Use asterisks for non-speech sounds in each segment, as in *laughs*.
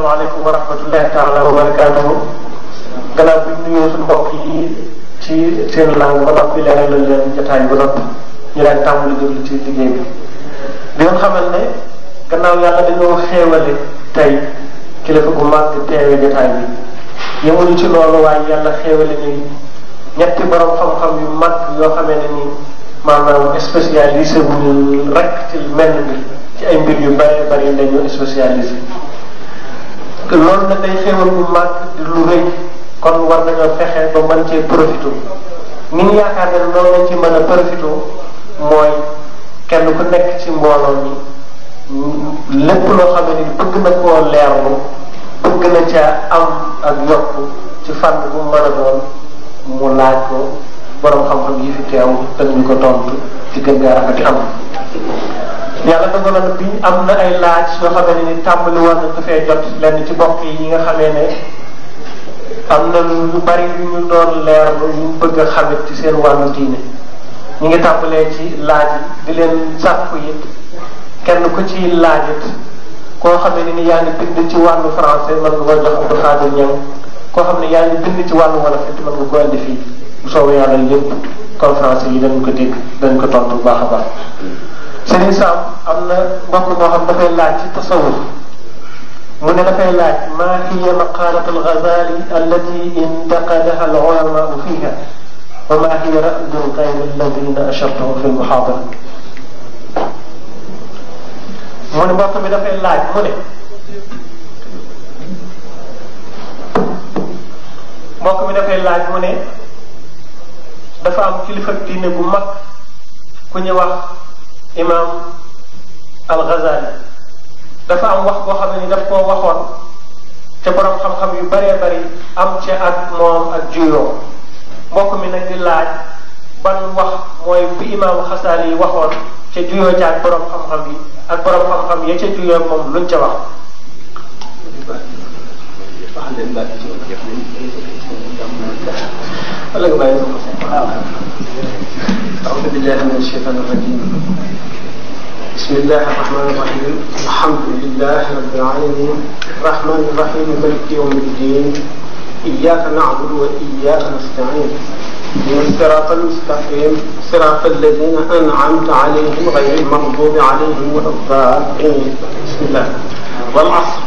asalaamaaleykum wa rahmatullahi taala wa barakaatuhu gannaaw bi ñu nuyoo suñu mbokk yi ci seen langue ba noppi leeralal leen jotaay ba noppi ñu daan tàmbali déglu ci liggéey bi. bi nga xamal ne gannaaw yàlla dañoo xéewale tey kilifa gu màgg ci loolu waaye yàlla xéewale ni ñetti borom xam-xam yu mag yoo xamee ne ni maanaam spécialisé wu ñu rek ci mel bi ci ay mbir yu bëree bëri la ñu loolu nag day bu màgg di lu rëy kon war nañoo fexe ba man cee profité ni ñu yaakaar ne noonu lañ ci mën a profité mooy kenn ku nekk ci mbooloo mi lépp loo xam ne bëgg na koo leerlu bëgg na caa am ak yokk ci fànn bu mën a doon mu laaj ko borom xam-xam yi fi teew dañu ko tontu ci gën gaa rafet am. yàlla dogaloon bi am na ay laaj yoo xam ne ni tàmbali war na jot lenn ci bokk yi nga xamee ne am na lu bari lu ñu doon leer ñu bëgg a xamit ci seen wàllu diine ñu ngi tàmbalee ci laaj yi di leen sàkku it kenn ku ci laaj it koo xam ne ni yaa bind ci wàllu français mën nga koy jox Abdou Khadir ñëw koo xam ne yaa bind ci wàllu wolof it mën nga koy indi fii bu soobee yàlla yëpp conférence yi dañ ko dégg dañ ko tontu baax a baax sëriñ Sam am na mbokk moo xam dafay laaj ci tasawuf mu ne dafay laaj maa hiya maqalat al-Ghazali allati intaqadaha al-ulama fiha wa maa hiya raddu ghayri alladina ashartahu fi al-muhadara mu ne mbokk mi dafay laaj mu ne mbokk mi dafay laaj mu ne dafa am kilifa diine bu mag ku ñu wax imam al-Ghazali dafa am wax boo xam ne ni daf koo waxoon te borom xam-xam yu bëree bëri am ci ak moom ak juyoo mbokk mi nag di laaj ban wax mooy bi imam Ghazali waxoon ca juyoo ca ak borom xam-xam yi ak borom xam-xam ya ca juyoo moom luñ ca wax. أعوذ بالله من الشيطان الرجيم bismillahi rahmaani rahiim alhamdulillahi rabbil aalamiin rahmaani rahiim maaliki yawmi ddiin iyyaaka na'budu wa iyyaaka nasta'iin ihdina siraatal mustaqiim siraatal laziina an'amta alayhim ghayril maghduubi alayhim wala daalliin bismillah wal 'asr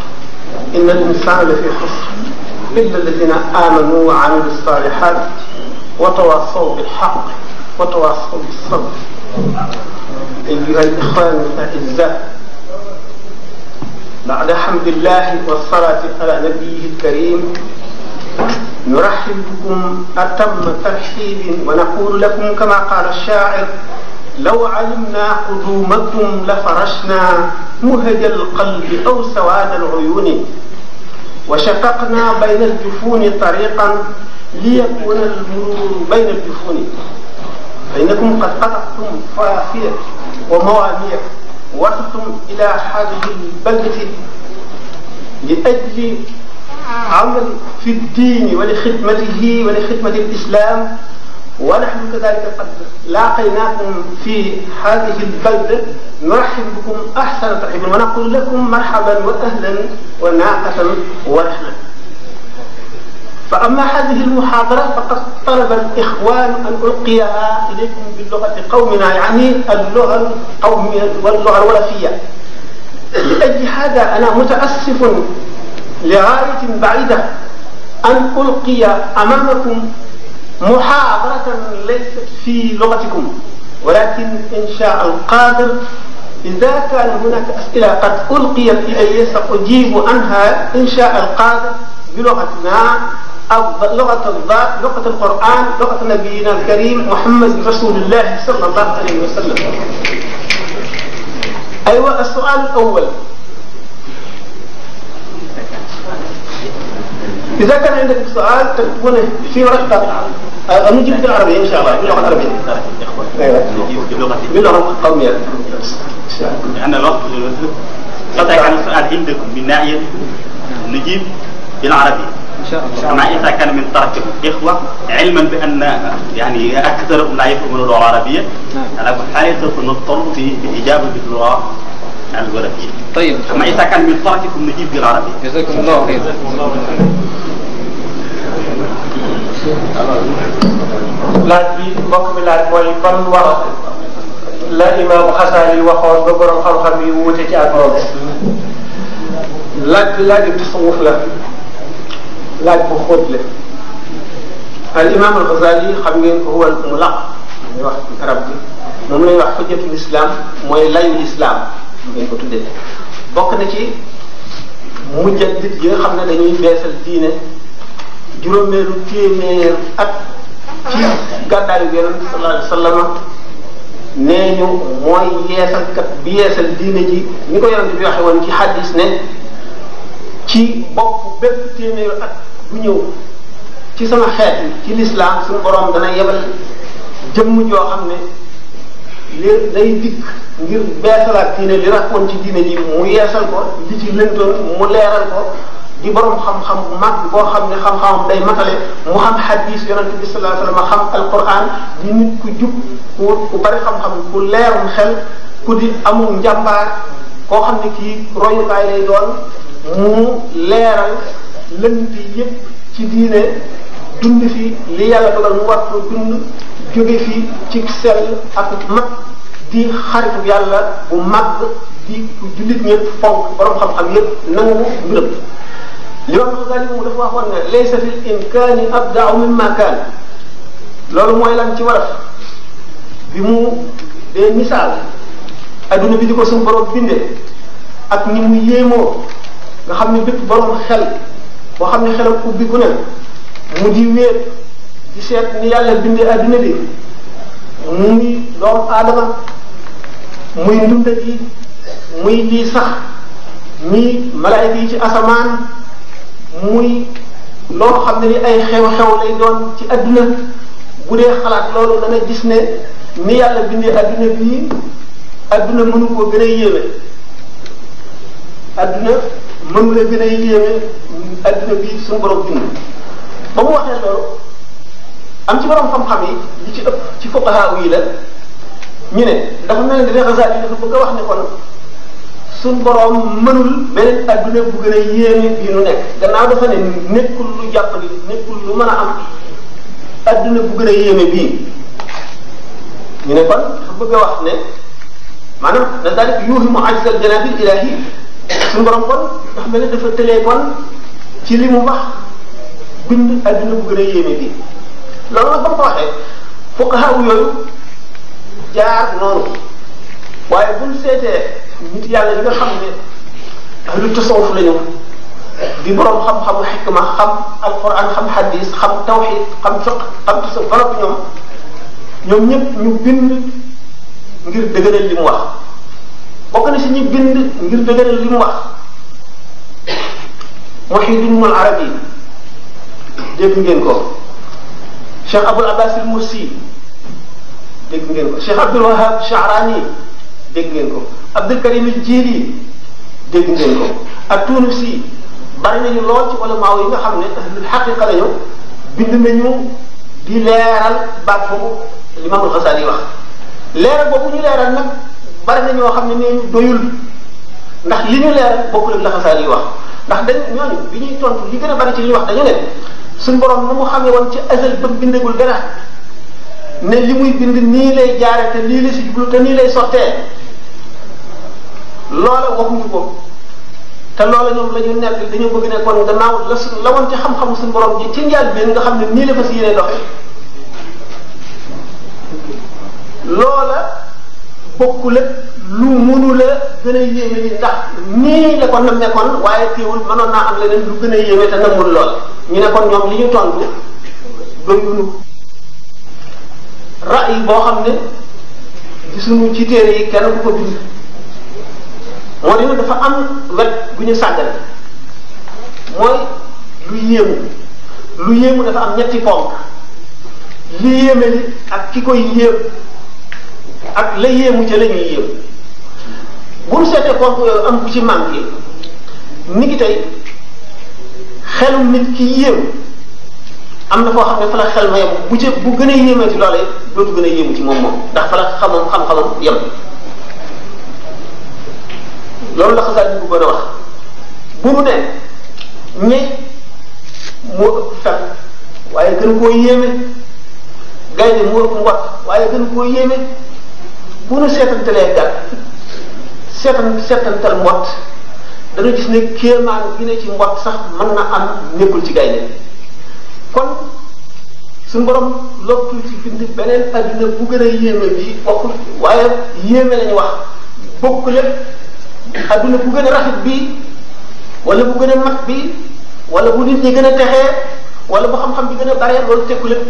innal insaana lafii khusr illa allaziina aamanuu wa 'amilus saalihaati wa tawaasaw bil haqqi wa tawaasaw bis sabr أيها الإخوان الأعزاء بعد حمد الله والصلاة على نبيه الكريم نرحب بكم أتم ترحيب ونقول لكم كما قال الشاعر لو علمنا قدومكم لفرشنا مهج القلب أو سواد العيون وشققنا بين الجفون طريقا ليكون المرور بين الجفون فإنكم قد قطعتم فاخية wa mawamir wartum ila hadihi lbalati li ajli amal fi ddiini wa li xidmatihi wa li xidmati lislam wa nahnu kadalika qad laaqaynakum fi hadihi lbalda nurahib bikum ahsana tarhiban wa naqulu lakum marhaban wa ahlan wa naaqatan wa rahmatan فأما هذه المحاضرة فقد طلب الإخوان أن ألقيها إليكم بلغة قومنا يعني اللغة القومية واللغة الولفية لأجل هذا أنا متأسف لغاية بعيدة أن ألقي أمامكم محاضرة ليست في لغتكم ولكن إن شاء القادر إذا كان هناك أسئلة قد ألقيت إلي سأجيب عنها إن شاء القادر بلغتنا لغة الذات لغة القرآن لغة نبينا الكريم محمد رسول الله صلى الله عليه وسلم أيوة السؤال الأول إذا كان عندك سؤال تكتبونه في ورقة نجيب بالعربية إن شاء الله باللغة العربية باللغة القومية لأن الوقت قطع عن السؤال عندكم من ناحية نجيب بالعربية مع إذا كان من طرف الإخوة علما بأن يعني أكثرهم لا يفهمون اللغة العربية على كل حال سنضطر في الإجابة باللغة الولدية. طيب. أما إذا كان من طرفكم نجيب بالعربية. جزاكم الله خيرا. laaj bi mbokk mi laaj mooy ban wax la imaamu xasaali waxoon ba borom xam-xam yi wuute ci ak moom laaj bi laaj bi tasawuf la. laaj bu xóot la al imam al Ghazali xam ngeen ko huwa al mulaq ñuy wax ci arab bi moom lay wax xujjatul islam mooy layu islam ngeen ko tuddee bokk na ci mujjadit yi nga xam ne dañuy beesal diine juróomeelu téeméer at ci gàddaayu yonent sallallahu alayhi wa sallam nee ñu mooy yeesalkat bi yeesal diine ji ñi ko yonent bi waxe woon ci hadis ne ci bopp bépp téeméeru at ñëw ci sama xeet yi ci lislaam suñu borom dana yebal jëmm joo xam ne li day dikk ngir beesalaat diine li rakkoon ci diine ji mu yeesal ko li ci lëntoon mu leeral ko di borom xam-xam mag boo xam ne xam-xamam day matale mu xam xadis yonent bi sallallahu alayhi wasallam xam alquran di nit ku jub ku bari xam-xam ku leerum xel ku di amul njàmbaar koo xam ne kii royukaay lay doon mu leeral lënt yépp ci diine dund fi li yàlla dogal mu war ko dund jóge fi ci sell ak mat di xaritu yàlla bu màgg di ku jullit ñëpp fonk borom xam-xam yépp nangu mbiram li wax Ghazali moom dafa waxoon ne laysa fil imkaani kaan loolu mooy lan ci waraf bi mu dee misaal adduna bi di ko suñu borom bindee ak ni mu yéemoo nga xam ne bépp borom xel boo xam ne xelam ubbi ku ne mu di wéet di seet ni yàlla bindee adduna bi muy doomu aadama muy ndunda yi muy lii sax muy malaayka yi ci asamaan muy loo xam ne ni ay xew-xew lay doon ci adduna bu xalaat loolu dana gis ne ni yàlla bindee adduna bi adduna mënu ko gën a yéeme adduna mënu la gën a yéeme bi suñu borom ba mu waxee loolu am ci borom xam-xam yi li ci ëpp ci fuqaha yi la ñu ne dafa mel ne Ghazali dafa bëgg a wax ne kon suñ borom mënul beneen adduna bu gën a yéeme bi nu nekk gannaaw dafa ne nekkul lu jàppandi nekkul lu mën a am adduna bu gën a yéeme bii ñu ne kon dafa bëgg wax ne maanaam dañ daal yuuxi mu ajsal janaabil ilaahi suñu borom ne dafa tëlee kon ci li mu wax bind adduna bu gën a yéeme la ba mu ko waxee fuqaha yooyu jaar noonu waaye buñ seetee nit yàlla yi nga xam ne ahlu tasawuf lañu di borom xam-xamu xikma xam alquran xam hadis xam tawxid xam fiq xam tasawuf ñoom ñoom ñëpp ñu bind. ngir dëgëral li mu wax bokk na si ñu bind ngir dëgëral li mu wax Muhyiddin al-Arabi dégg ngeen ko Cheikh Abul Abbas al-Mursi dégg ngeen ko Cheikh Abdul Wahhab Sha'rani dégg ngeen ko Abdul Karim al-Jili dégg ngeen ko at-Tunisi bari nañu lool ci ulama yi nga xam ne ahlul haqiqa lañu bind nañu di leeral baat foofu li Imam al wax leeral boobu ñu leeral nag bari na ñoo xam ne nee ñu doyul ndax li ñu leeral bokkul ak laxasaal yi wax ndax dañ ñooñu bi ñuy tontu li gën a bari ci ñu wax dañu ne suñ borom nu mu xamee woon ci asal ba bindagul dara ne li muy bind nii lay jaare lii la si jublu te nii lay sottee loola waxuñu te loola la ñu nekk dañoo ne kon gannaaw la la woon ci xam-xamu suñ borom ci njaal bi nga xam ne nii la fa si yéene doxee loola bokkul ak lu mënu la gën a yéeme li ndax nii la kon nekkoon waaye teewul mënoon naa am leneen lu gën a yéeme te nangul lool ñu ne kon ñoom li ñu tontu doyunu ra'y boo xam ne gisuñu ci téere yi kenn ku ko bind moo di dafa am wet bu ñu sàggale mooy lu yéemu lu yéemu dafa am ñetti ponk li yéeme li ak ki koy yéem ak la yéemu ca la ñuy yéemu bu ñu seetee ponk euh, am ku ci manqué ni ki tey xelum nit ki yéemu am na foo xam ne fa la xel ma yem bu ca bu gën a yéemee ci loolee moom moom ndax fa la xamam xam-xamam yem loolu la bu gën a wax bu mu ne ñe moo waaye gën koo yéeme gaynde moo ëpp waaye gën koo yéeme bu nu seetantalee gàtt seetan seetantal mbott dana gis ne kéemaan gi ne ci mbott sax mën na am nekkul ci gaynde kon suñu borom lottul ci bind beneen adduna bu gën a yéeme bi bokkul waaye yéeme lañu wax bokk lépp adduna bu gën a rafet bi wala bu gën a mag bi wala bu nit ñi gën a texee wala bu xam-xam bi gën a bare loolu tekkul ak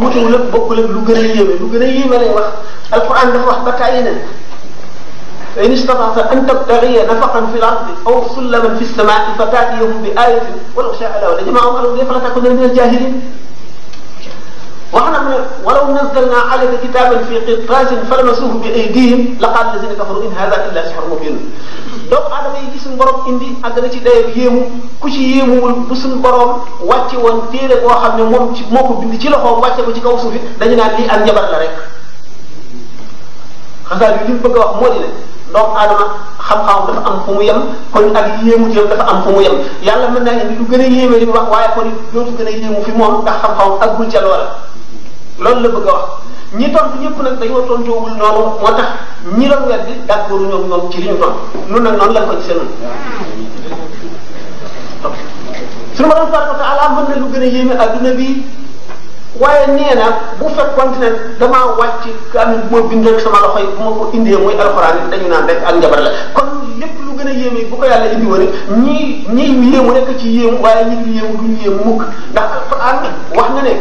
wutewul ak bokkul ak lu gën a yéeme lu gën a yéeme lay wax alquran dafa wax ba tàyyi ne fa in istata'ta an tabtaghiya nafaqan fi l-ardi aw sullaman fi s-samaa'i fa ta'tiyahum bi aayatin wa law shaa'a Allahu lajma'ahum 'ala al-hudaa fa laa takuunanna mina al-jaahiliin wax na mu ne walaw nazzalna alayka kitaban fi qirtasin falamasuhu bi aydihim laqaala lazina kafaru in hada illa sihrun mubin doomu aadama yi ci suñu borom indi àgg na ci dayoo yéemu ku ci yéemuwul bu suñu borom wàcce woon téere boo xam ne moom ci moo ko bind ci loxoom wàcce ko ci kaw suuf it dañu naan lii ak njabar la rek xasaar bi li mu bëgg a wax moo di ne doomu aadama xam-xam dafa am fu mu kon ak yéemu ci dafa am fu mu yem yàlla mën naa indi lu gën a yéeme li mu wax waaye kon dootu gën a yéemu fi moom ndax xam-xam ak guñ ca loola loolu la ñi tontu ñëpp nag dañoo tontuwul noonu moo tax ñi doon weddi d'accord ñoom ñoom ci li ñu tontu nun nag noonu lañ ko gisee noonu suñu mën na lu gën a yéeme adduna bi waaye nee na bu fekkoon ne damaa wàcc am bu ma bind rek sama loxo yi bu ma ko indee muy alxuraan yi dañu naan rek ak njabar la kon lépp lu gën a yéeme bu ko yàlla indi woon ñii ñii yéemu rek ci yéemu waaye ñi du yéemu duñu yéemu mukk ndax alxuraan wax na ne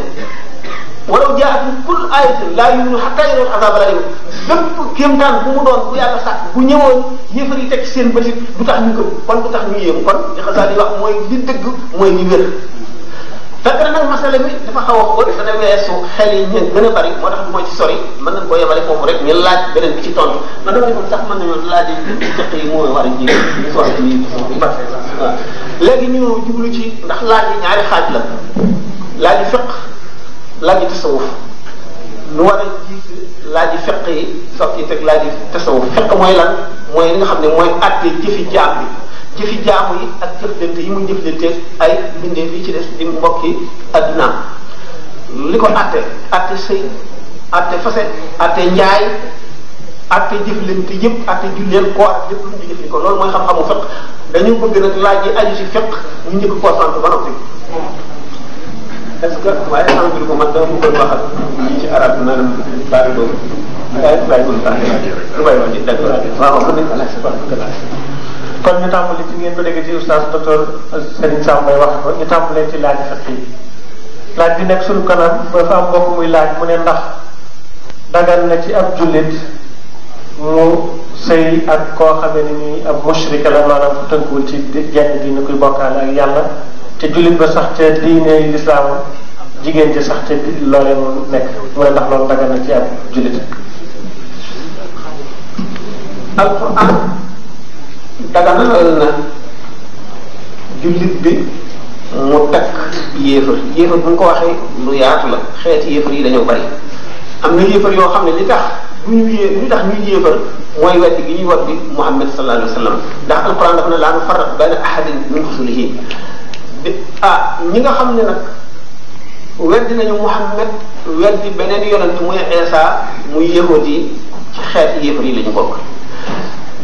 walaw jaa'at kullu aayatin laa yu'minu hattaa yarawul azaabal aliim bépp kéemtaan bu mu doon bu yàlla sàkk bu ñëwoon yéefar yi teg seen bëtit du tax ñu gëm kon du tax ñu yéemu kon li xasaal yi wax mooy li dëgg mooy li wér fekk na nag masala mi dafa xaw a xóot dana weesu xel a bari moo tax moo ci sori mën nañ ko yemale foofu rek ñu laaj beneen bi ci tontu man dama defoon sax mën nañoo laaj yi jëq yi moo war a ji ñu sori nii waaw léegi ñu jublu ci ndax laaj yi ñaari xaaj la laaj yi fiq laaj yi tasawuf nu war a jiit laaj yi fiq yi sof laaj yi tasawuf fiq mooy lan mooy li nga xam ne mooy àtte jëfi jaam bi jëfi jaamu yi ak jëflante yi muy jëflante ay mbindeef yi ci des di mbokki addunaam li ko atte atte sëy atte fase atte njaay atte jëflante yëpp atte julleen koor loolu mooy xam-xamu fiq dañu bëgg nag laaj yi aju ci fiq ñu njëkk ko sant ba noppi est-ce que waaye xam nga ko man dama bëggoon waxal lii ci arab bi naan bari boobu waaye bàyyi ko lu tax lu bay wax ci d'accord waaw waaw kon ñu tàmbali ci ngeen ko dégg ci oustaz docteur Serigne Sam may wax ko ñu tàmbalee ci laaj sax yi laaj bi nekk suñu kanam ba fa am mbokk muy laaj mu ne ndax dagal na ci ab jullit mu sëy ak koo xamee ni nii ab mushrika la maanaam ku tënkuwul ci jenn diine kuy bokkaale ak yàlla te jullit ba sax te diine lislaam jigéen ci sax te loolee mu nekk mu ne ndax loolu dagan na ci ab jullit daganal na jullit bi mu takk yéefar yéefar bu ko waxee lu yaatu la xeeti yéefar yi dañoo bari am na yéefar yoo xam ne li tax bu ñu yée li tax ñuy yéefar mooy weddi gi ñuy wax bi Muhammad sallallahu alayhi wa sallam la alquran daf na laa nufarriqu bayna ahadin min rusulihi ñi nga xam ni nag weddi nañu Muhammad weddi beneen yonent muy Isa muy yahudi yi xeet yéefar yi la ñu bokk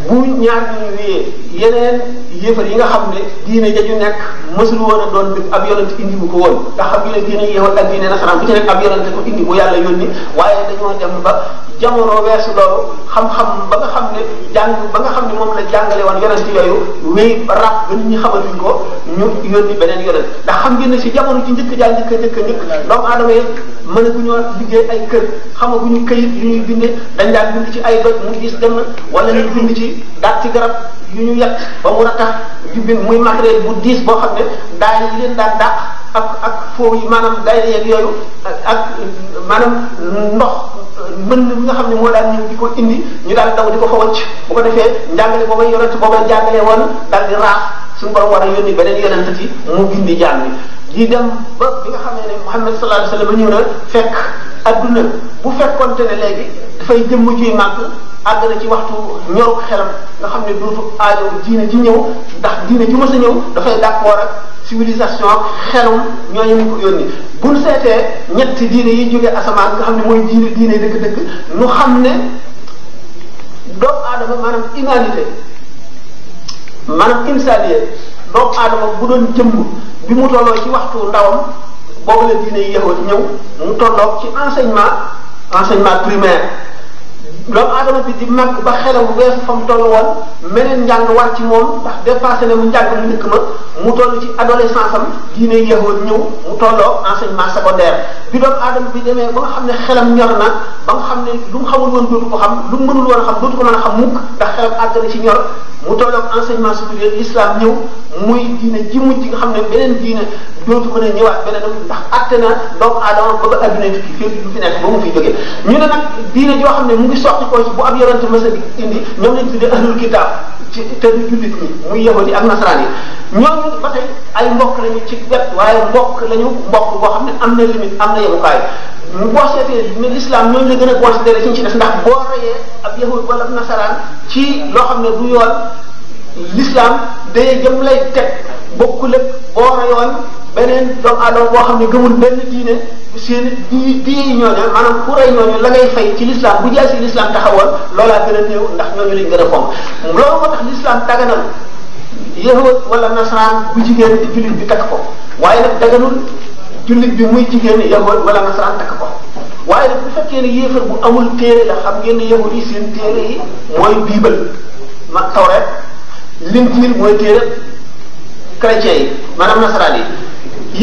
bu ñaar ñuy wéyee yeneen yéefar yi nga xam ne diine ja ñu nekk mësul woon a doon ab yonent indi bu ko woon te xam nga ne diine yéefar ak diine nasaraan bu ci nekk ab yonent ko indi bu yàlla yoon yónni waaye dañoo dem ba jamono weesu loolu xam ba nga xam ne jàng ba nga xam ne moom la jàngale woon yonent yooyu wéy ba ràpp ba nit ñi xamatuñ ko ñu yónni beneen yonent ndax xam ngeen ne si jamono ci njëkk jaay njëkk njëkk njëkk doomu aadama yi mën a gu ñoo liggéey ay kër xamaguñu këyit yu ñuy bindee dañ daan bind ci ay doj mu gis dem wala ñu bind ci daat ci garab yu ñu yàq ba mu ratax yu muy matériel bu diis boo xam ne daa yi leen daan dàq ak ak foofu yi maanaam gaynde yooyu ak maanaam ndox na mi nga xam ne moo daan ñëw di ko indi ñu daal daw di ko fa wëcc bu ko defee njàngale booba yonent booba jàngale woon daal di raax suñu borom war a yónni beneen yonent ci mu gindi jàmm di dem ba bi nga xam ne Muhammad sallallahu alayhi wa sallam ñëw na fekk adduna bu fekkonte ne léegi dafay jëmm ciy màgg àgg na ci waxtu ñoru xelam nga xam ne dootu aajo diine ci ñëw ndax diine ji ma a ñëw dafay d'accord ak civilisation ak xelum ñooñu mu ko yónni buñ seetee ñetti diine yi jógee asamaan nga xam ne mooy diine diine dëgg-dëgg nu xam ne doomu aadama maanaam humanité maanaam insaniye doomu aadama bu doon jëmm bi mu tolloo ci waxtu ndawam boobu la diine yi yeewoo ñëw mu tolloog ci enseignement enseignement primaire doomu aadama bi di màgg ba xelam weesu fa mu toll woon meneen njàng war ci moom ndax dépassé na mu njàng lu njëkk ma mu toll nga xam ne xelam ñor na ba nga xam ne lu mu xam lu ko mën a xam mukk ndax xelam àgg na ci ñor mu tolloo enseignement supérieur l'islam ñëw muy ji mujj nga xam ne beneen diine a ñu ne nag joo xam ne mu ngi sox ci koy bu ab yonente masa di indi ñoom lañ tuddee ahlul kitaab ci te du jullit ñi muy yahudi yi ak nasaraan yi ñoom ba tey ay mbokk lañu ci wet waaye mbokk lañu mbokk boo xam ne am na limite am na yemukaay mu boo seetee ne l'islam ñooñu la gën a considéré ci ñu ci def ndax boo reyee ab yahudi wala nasaraan ci loo xam ne du yoon l'islam day jëm lay teg bokkul ak boo rayoon beneen doomu aadama boo xam ne gëmul benn diine seen di di ñooñu maanaam ku rey ñooñu la ngay fay ci l'islam bu jaay si l'islam taxawoon loolaa gën a néew ndax ñooñu lañ gën a fonk loolu moo tax l'islam daganal yahud wala nasaraan bu jigéen di jullit bi takk ko waaye nag daganul jullit bi muy jigéen yahud wala nasaraan takk ko waaye nag bu fekkee ne yéefar bu amul téere la xam ngeen ne yahud yi seen téere yi Linjiil mooy téere chrétien yi maanaam nasaraan yi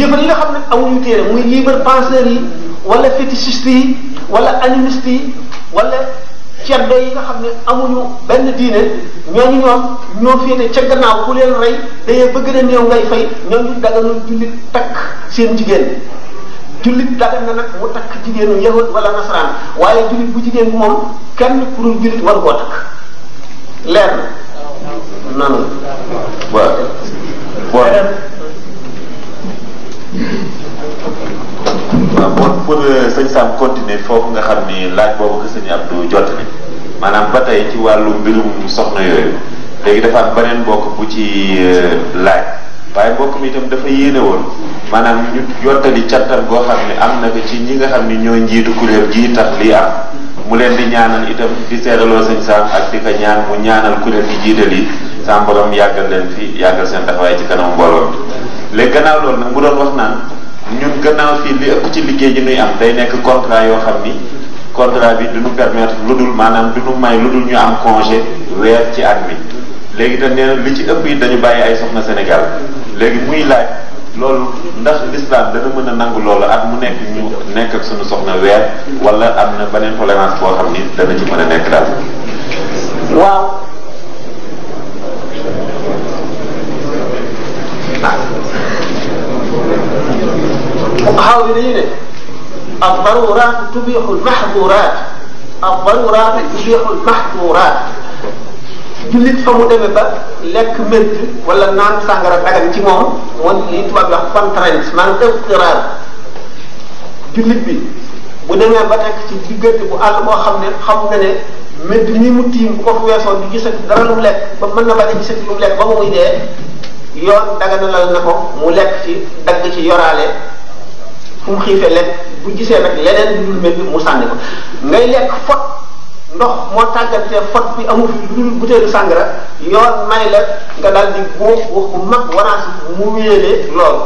yéefar yi nga xam ne amuñu téere muy libre penseur yi wala fétichiste yi wala animiste yi wala ceddo yi nga xam ne amuñu benn diine ñooñu ñoom ñoo féete ca gannaaw ku leen rey dañuy bëgg na néew ngay fay ñooñu daganul jullit takk seen jigéen jullit dagan na nag mu takk jigéenu yahud wala nasaraan waaye jullit bu jigéen bi moom kenn ku dul jullit war koo takk leer na nanu waaw bon waaw bon pour euh, sëñ Sam continuer foofu nga xam ni laaj boobu que sëñ Abdou jot ni maanaam ba tey ci wàllu mbirum soxna yooyu léegi dafa am beneen mbokk bu ci euh, laaj waaye mbokk mi itam dafa yéene woon maanaam ñu jottali cantam goo xam ne am na ci ñi nga xam ni ñoo njiitu kuréel gii tax lii am mu leen di ñaanal itam di seeraloo sëñ Sam ak di ko ñaan mu ñaanal kuréel gi jiital yi sam borom yàggal leen fi yàggal seen taxawaay ci kanam mbooloo bi léegi gannaaw loolu nag mu doon wax naan ñu gannaaw fii li ëpp ci liggéey ji nuy am day nekk contrat yoo xam ni contrat bi du ñu permettre lu dul maanaam du ñu may lu dul ñu am congé weer ci at mi léegi te nee na li ci ëpp yi dañu bàyyi ay soxna Sénégal léegi muy laaj loolu ndax l'islam dana mën a nangu loolu ak mu nekk ñu nekk ak suñu soxna weer wala am na beneen tolérance boo xam ni dana ci mën a nekk daal. waaw. xaw ma dañuy ne ad-daruraat tubihul mahduuraat ad jullit fa mu demee ba lekk mënt wala naan sàngara dagan ci moom moom lii tubaab wax contrainte maanaam ëftiraar jullit bi bu demee ba nekk ci diggante bu àll moo xam ne xam nga ne mënt li mu tiim bu ko fu weesoo di gisati dara lu mu lekk ba mën a gisati lu mu lekk ba mu muy dee yoon daganalal na ko mu lekk ci dagg ci yoraale fu mu xiifee lekk bu gisee nag leneen lu dul mu sànni ko ngay lekk fot ndox moo tàggat te fot bi amu fi lu butéelu sàngara yoon may la nga daal di góox góox mag wanaas mu wéyalee loolu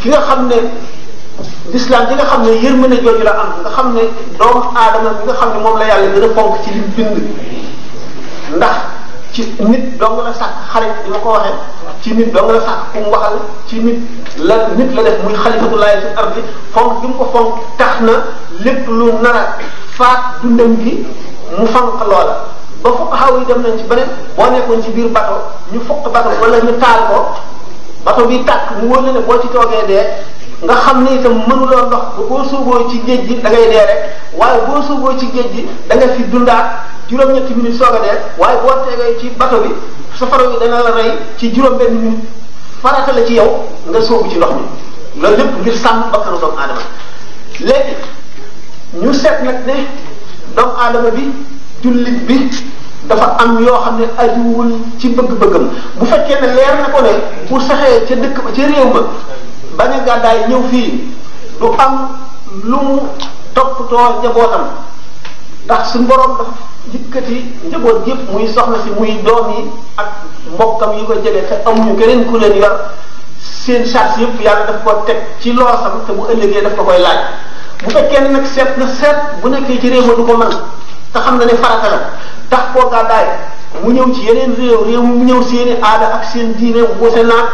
ki nga xam ne l'islam bi nga xam ne mën a jooju la am nga xam ne doomu aadama bi nga xam ne moom la yàlla gën a fonk ci li bind ndax ci nit dong la sàkk xale di ma ko waxee ci nit dong la sàkk ku mu waxal ci nit la nit la def muy xalifatullahi fi ardi fonk gi mu ko fonk tax na lépp lu nar a faat dundam gi mu fonk loola ba fukk xaw yi dem nañ ci beneen boo nekkoon ci biir bato ñu fukk bato wala ñu taal ko bato bi tàkk mu wóor la ne boo ci toogee dee nga xam ni itam mënuloo ndox ba boo suuboo ci géej gi da ngay dee rek waaye boo suuboo ci géej gi da nga fi dundaat juróom-ñetti minutes soog a dee waaye boo tegee ci bato bi safara bi dana rey ci juróom-benn minute la ci yow nga sóobu ci ndox mi loolu lépp ngir sàmm bakkanu doomu aadama léegi ñu seet nag ne doomu aadama bi jullit bi dafa am yoo xam ne ajuwul ci bëgg-bëggam bu fekkee ne leer na ko ne bu saxee ca dëkk ba ca réew ma ba ne gàddaay ñëw fii du am lu mu toppatoo njabootam ndax su borom dafa yëkkati njaboot yëpp muy soxna si muy doom yi ak mbokkam yi ko jege te amuñu keneen ku leen yor seen charge yëpp yàlla daf ko teg ci loosam te bu ëllëg daf ko koy laaj bu fekkee nag seet na seet bu nekkee ci réew ma du ko mën te xam na ne farata tax koo gàddaay mu ñëw ci yeneen réew réew mu ñëw seeni aada ak seen diine wute naa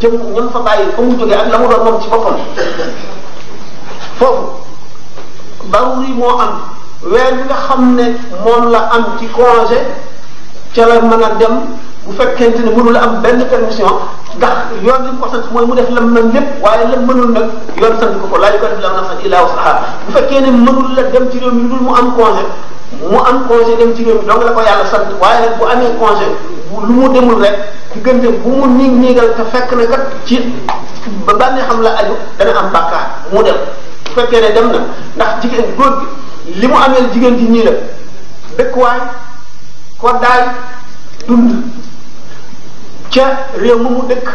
jëm ñam fa bàyyi fa mu jógee ak la mu doon moom ci boppam foofu daruri moo am weer bi nga xam ne moom la am ci congé ca la mën a dem bu fekkente ne mënul am benn permission ndax yoon li ko sant mooy mu def lam mën lépp waaye lam mënul nag yoon sant ko ko laa yukallifu llaahu nafsan illaa wus'ahaa bu fekkee ne mënul la dem ci réew mi dul mu am congé mu am congé dem ci réew mi donc la ko yàlla sant waaye nag bu amee congé lu mu demul rek diggante bu mu niig niigal te fekk na kat ci ba bànnee xam la aju dana am bàkkaar mu dem bu fekkee ne dem na ndax jigéen góor gi li mu amee jigéen ci ñii la dëkkuwaay ko dund ca réew mu mu dëkk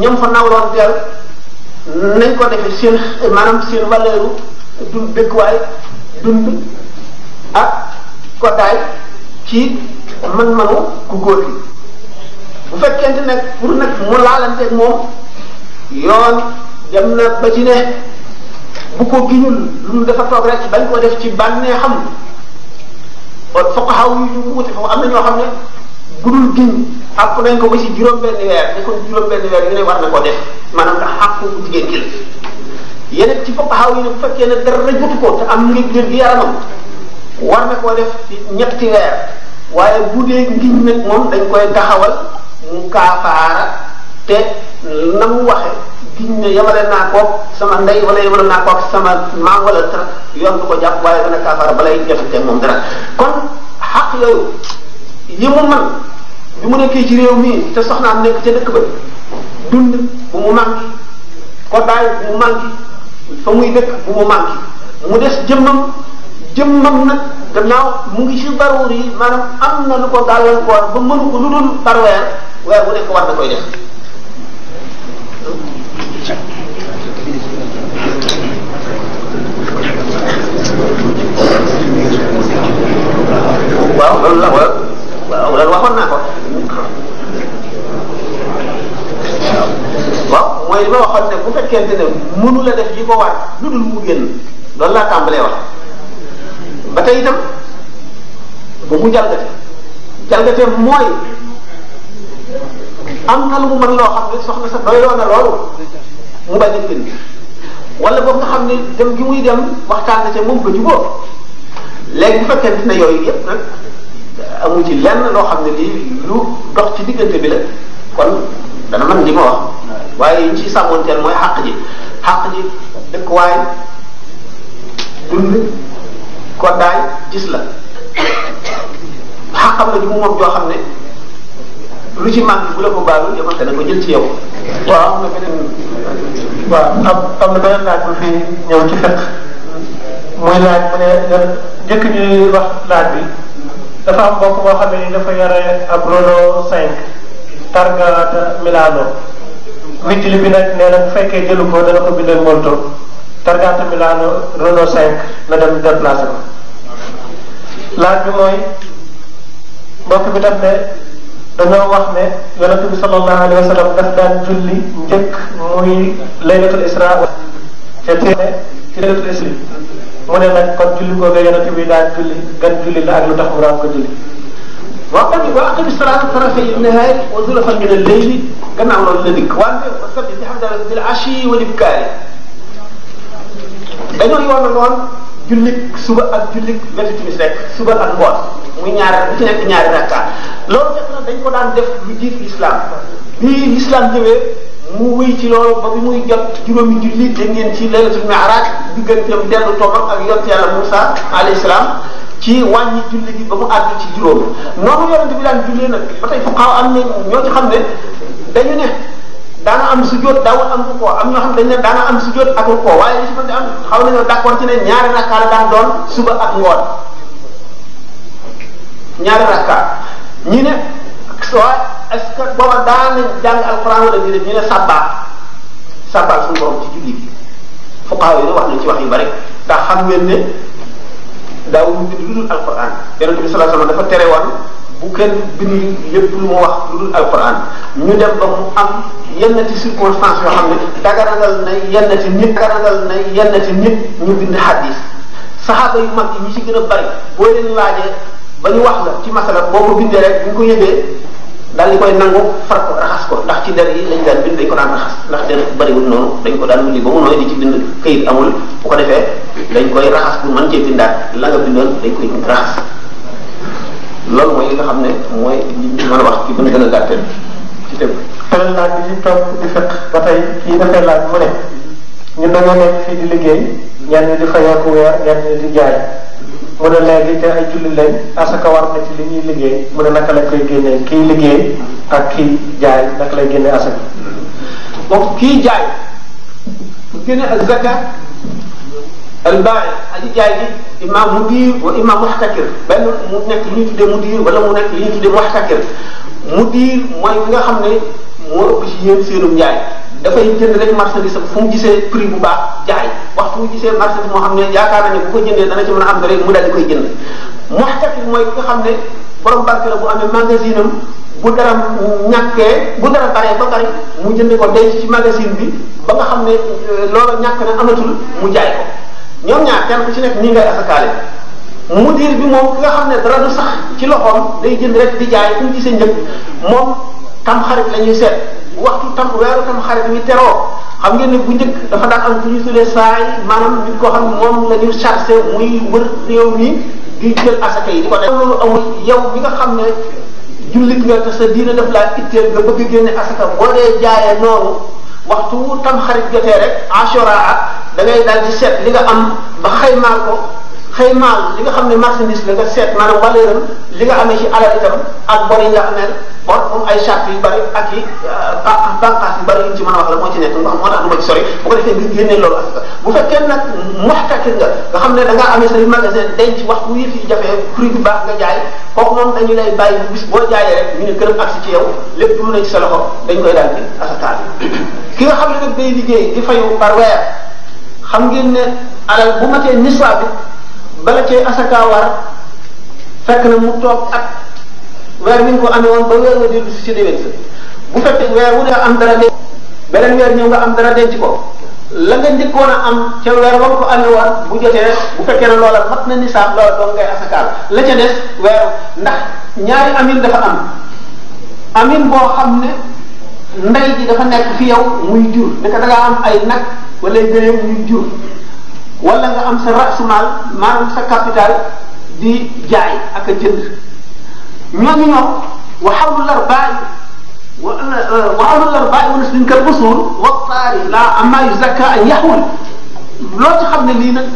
ñam fa nawloon teel nañ ko defee seen maanaam seen valeuru dund dëkkuwaay dund ak ko ci mën-mënu ku góor gi bu fekkente nag pour nag mu laalanteeg moom yoon dem ba ci ne bu ko giñul lu dafa toog rek bañ ko def ci bànnee xam kon fuqaha yi ñu am na ñoo xam ne budul giñ àpp nañ ko ba ci juróom-benn weer ko juróom weer war na ko def maanaam yeneen ci fuqaha yi ne bu fekkee ne dara jotu ko te am ngir ngir yaramam war na koo def ci ñetti weer waaye bu dee ngiñ nag moom dañ koy gaxawal mu kaafaara te na mu waxe diñ ne yemale naa koog sama ndey wala yemale naa koog sama maam wala dara yoon du ko jàpp waaye dana kaafaara balay jafete moom dara kon xaq yooyu yi mu man bi mu nekkee ci réew mii te soxnaam nekk ca dëkk ba dund bu mu manqué koddaay bu mu manqué fa muy dëkk bu mu manqué mu des jëmmam jëmmam nag gannaaw mu ngi ci baruur yi maanaam am na lu ko gàllankoor ba mënu ko lu dul par weer weer bu nekk war na koy def waaw loolu la waaw waaw loolu waxoon naa ko waaw mooy li ma waxoon ne bu fekkente ne mënu la def yi ko war lu dul mu génn loolu laa tàmbalee wax jalgate itam ba mu jalgate jalgate mooy am na mu mën loo xam ne soxna sa doyloo na loolu mu bañ a bind wala boobu xam ne dem gi muy dem waxtaan na ca moom ba jubóo léegi bu fekkente ne yooyu yëpp nag lenn loo xam ne lii lu dox ci diggante bi la kon dana mën di ma wax waaye yi ñu ci sàmmoonteel mooy xàq ji xàq ji dëkkuwaay dund ko daal gis la xaqam la ju mu moom joo xam ne lu ci màgg bu la ko baalul yow ko jël ci yow. waaw am na beneen laaj bu fi ñëw ci fekk muy ne njëkk ñuy wax laaj bi dafa am mbokk boo xam ne ni dafa yore ab Renault 5 Targa Milano. wittili bi nag nee na bu fekkee jëlu ko dana ko bindal molto. targaata Milano Renault 5 la dem bi mooy mbokk bi daf ne dañoo wax ne yonent bi sallallahu alayhi wa sallam daf daan julli njëkk muy laylatul isra te teene ci laylatul isra mu ne nag kon julli googu yonent bi daan julli gan julli la ak lu mu daan ko julli waqat wa aqimi salaata tarafay nahaar wa zulafan min al layli wa sabbi bihamdi dañoo yoon lool jullit suba ak jullit wetu timis rek suba ak ngoon muy ñaari bu ci nekk ñaari rakka loolu fekk na dañ ko daan def lu jiitu lislaam bi lislaam ñëwee mu wéy ci loolu ba bi muy jot juróomi jullit da ngeen ci laylatul mi'raj digganteem dellu toogam ak yont yàlla Musa alayhi salaam ci wàññi julli bi ba mu àgg ci juróom noonu yonent bi daan jullee nag ba tey fu xaw am ne ñoo ci xam ne dañu ne daana am sujjóot daawul am rukkoo am ñoo xam dañ ne daana am sujjóot ak rukkoo waaye li si am xaw nañoo d'accord ci ne ñaari rakka la daan doon suba ak ngoon ñaari ne soit est-ce que booba daana jàng alxuraan ci julli bi fuqaaw yi wax nañ ci wax yu bari ndax xam ngeen ne daawul lu dul alxuraan yonente bi sallallahu alayhi dafa tere woon bu kenn bind lépp lu ma wax lu dul alquran ñu dem ba mu am yenn ci circonstance yoo xam ne dagarangal na yenn yan nit dagarangal na yenn ci nit ñu bind hadis saxaaba yu mag yi ñi ci gën a bari boo leen laajee ba ñu wax la ci masala boo ko bindee rek bu ñu ko yëgee daal di koy nangu far ko raxas ko ndax ci der yi lañ daan bind dañ ko daan raxas ndax der bariwul noonu dañ ko daan wulli ba mu nooy di ci bind këyit amul bu ko defee dañ koy raxas pour mën cee bindaat la nga bindoon dañ koy raxas loolu mooy li nga xam ne mooy li ñu a wax ci mën a gën a gàttal ci dëgg. beneen laaj bi ci topp di fekk ba tey kii dafay laaj mu ne ñun dañoo nekk fii di liggéey ñenn ñi di fayeeku weer ñenn ñi di jaay mu ne léegi te ay julli lañ asaka war na ci li ñuy liggéey mu ne naka la koy génnee kii liggéey ak kii jaay naka lay génnee asaka. donc kii jaay bu génnee asaka. albaayi aji jaay ji imam mudir wa imam muhtakir benn mu nekk li ñu tuddee mudir wala mu nekk li ñu tuddee muhtakir mudir mooy ki nga xam ne moo ëpp ci yéen seenum njaay dafay jënd rek marchandise am fu mu gisee prix bu baax jaay waxtu mu gisee marchandise moo xam ne yaakaar na ne bu ko jëndee dana ci mën a am rek mu daal di koy jënd muhtakir mooy ki nga xam ne borom barke la bu amee magasin am bu dara ñàkkee bu dara baree ba bari mu jënd ko denc ci magasin bi ba nga xam ne euh, loolu ñàkk na amatul mu jaay ko ñoom ñaar kenn ku ci nekk nii ngay asakaale diir bi moom ki nga xam ne dara du sax ci loxoom day jënd rek di jaay fu mu gisee njëkk moom tam xarit la ñuy seet waxtu tam weeru tam xarit mi teroo xam ngeen ni bu njëkk dafa daan am fu ñu tuddee saa yi maanaam nit koo xam ne moom la ñu chargé muy wër réew mi di jël asaka yi di ko def loolu amul yow bi nga xam ne jullit nga te sa diina def laa itteel nga bëgg génne asaka boo dee jaayee noonu waxtu wu tam xarit jotee rek ashura ak da ngay daal di seet li nga am ba xaymaal ko xëy maal li nga xam ne marchandise la nga seet maanaam valeur am li nga amee ci alal itam ak bor yi nga xam ne bor moom ay charte yu bari ak yi euh, banqaas yu bari yuñ ci mën a wax la moo ci nekk nga xam moo tax du ma ci sori bu ko defee nga génnee loolu asaka bu fekkee nag muxtakir nga nga xam ne da ngaa amee say magasin denc wax bu yëf yi jafee prix bu baax nga jaay kooku moom dañu lay bàyyi bu bis boo jaayee rek ñu ne këram agsi ci yow lépp lu ne ci sa loxo dañ koy daal di asakaal ki nga xam ne nag day liggéey di fayu par weer xam ngeen ne alal bu matee niswa bi bala cay asaka war fekk na mu toog at weer bi nga amee woon ba weer nga dellu ci déwén bu fekkee weer wu dee am dara denc beneen weer ñëw nga am dara denc ko la nga njëkkoon a am ca weer ba nga ko amee woon bu jotee bu fekkee ne loola mat na nisaab loola doon ngay asakaal la ca des weer ndax ñaari amin dafa am amin boo xam ne ndey ji dafa nekk fi yow muy jur naka da ngaa am ay nag wala gëléem muy jur wala nga am sa rasumal maanaam sa capital di jaay ak a jënd ñooñu ñoom wa hawlul arba'i wa euh, hawlul arba'i wa nasl kal usul wa taari la amma yuzakka an yahul loo ci xam ne lii nag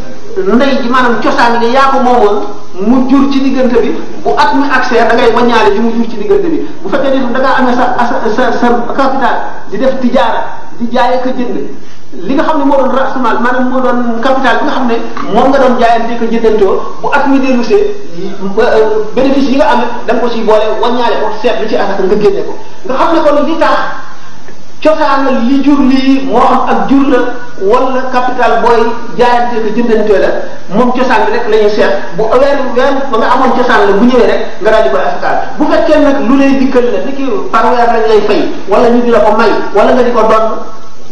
ndey ji maanaam cosaan li yaa ko moomoon mu jur ci diggante bi bu at mi accès da ngay waññaale li mu jur ci diggante bi bu fekkee ne da ngaa amee sa sa sa capital di def tijaara di jaay ak a jënd li nga xam ne moo doon rasumaal maanaam moo doon capital bi nga xam ne moom nga doon jaayante ko jëndantoo bu at mi dellusee euh, bénéfice yi nga am da nga ko si boole wàññaale ko seet lu ci asaka nga génne ko nga xam ne kon li tax cosaan la li jur lii moo xam ak jur la wala capital booy jaayante ko jëndantoo la moom cosaan bi rek la ñuy seet bu weer weer ba nga amoon cosaan bu ñëwee rek nga daal di koy bu fekkee nag lu lay dikkal la ni ki par weer lañ fay wala ñu di la ko may wala nga di ko doon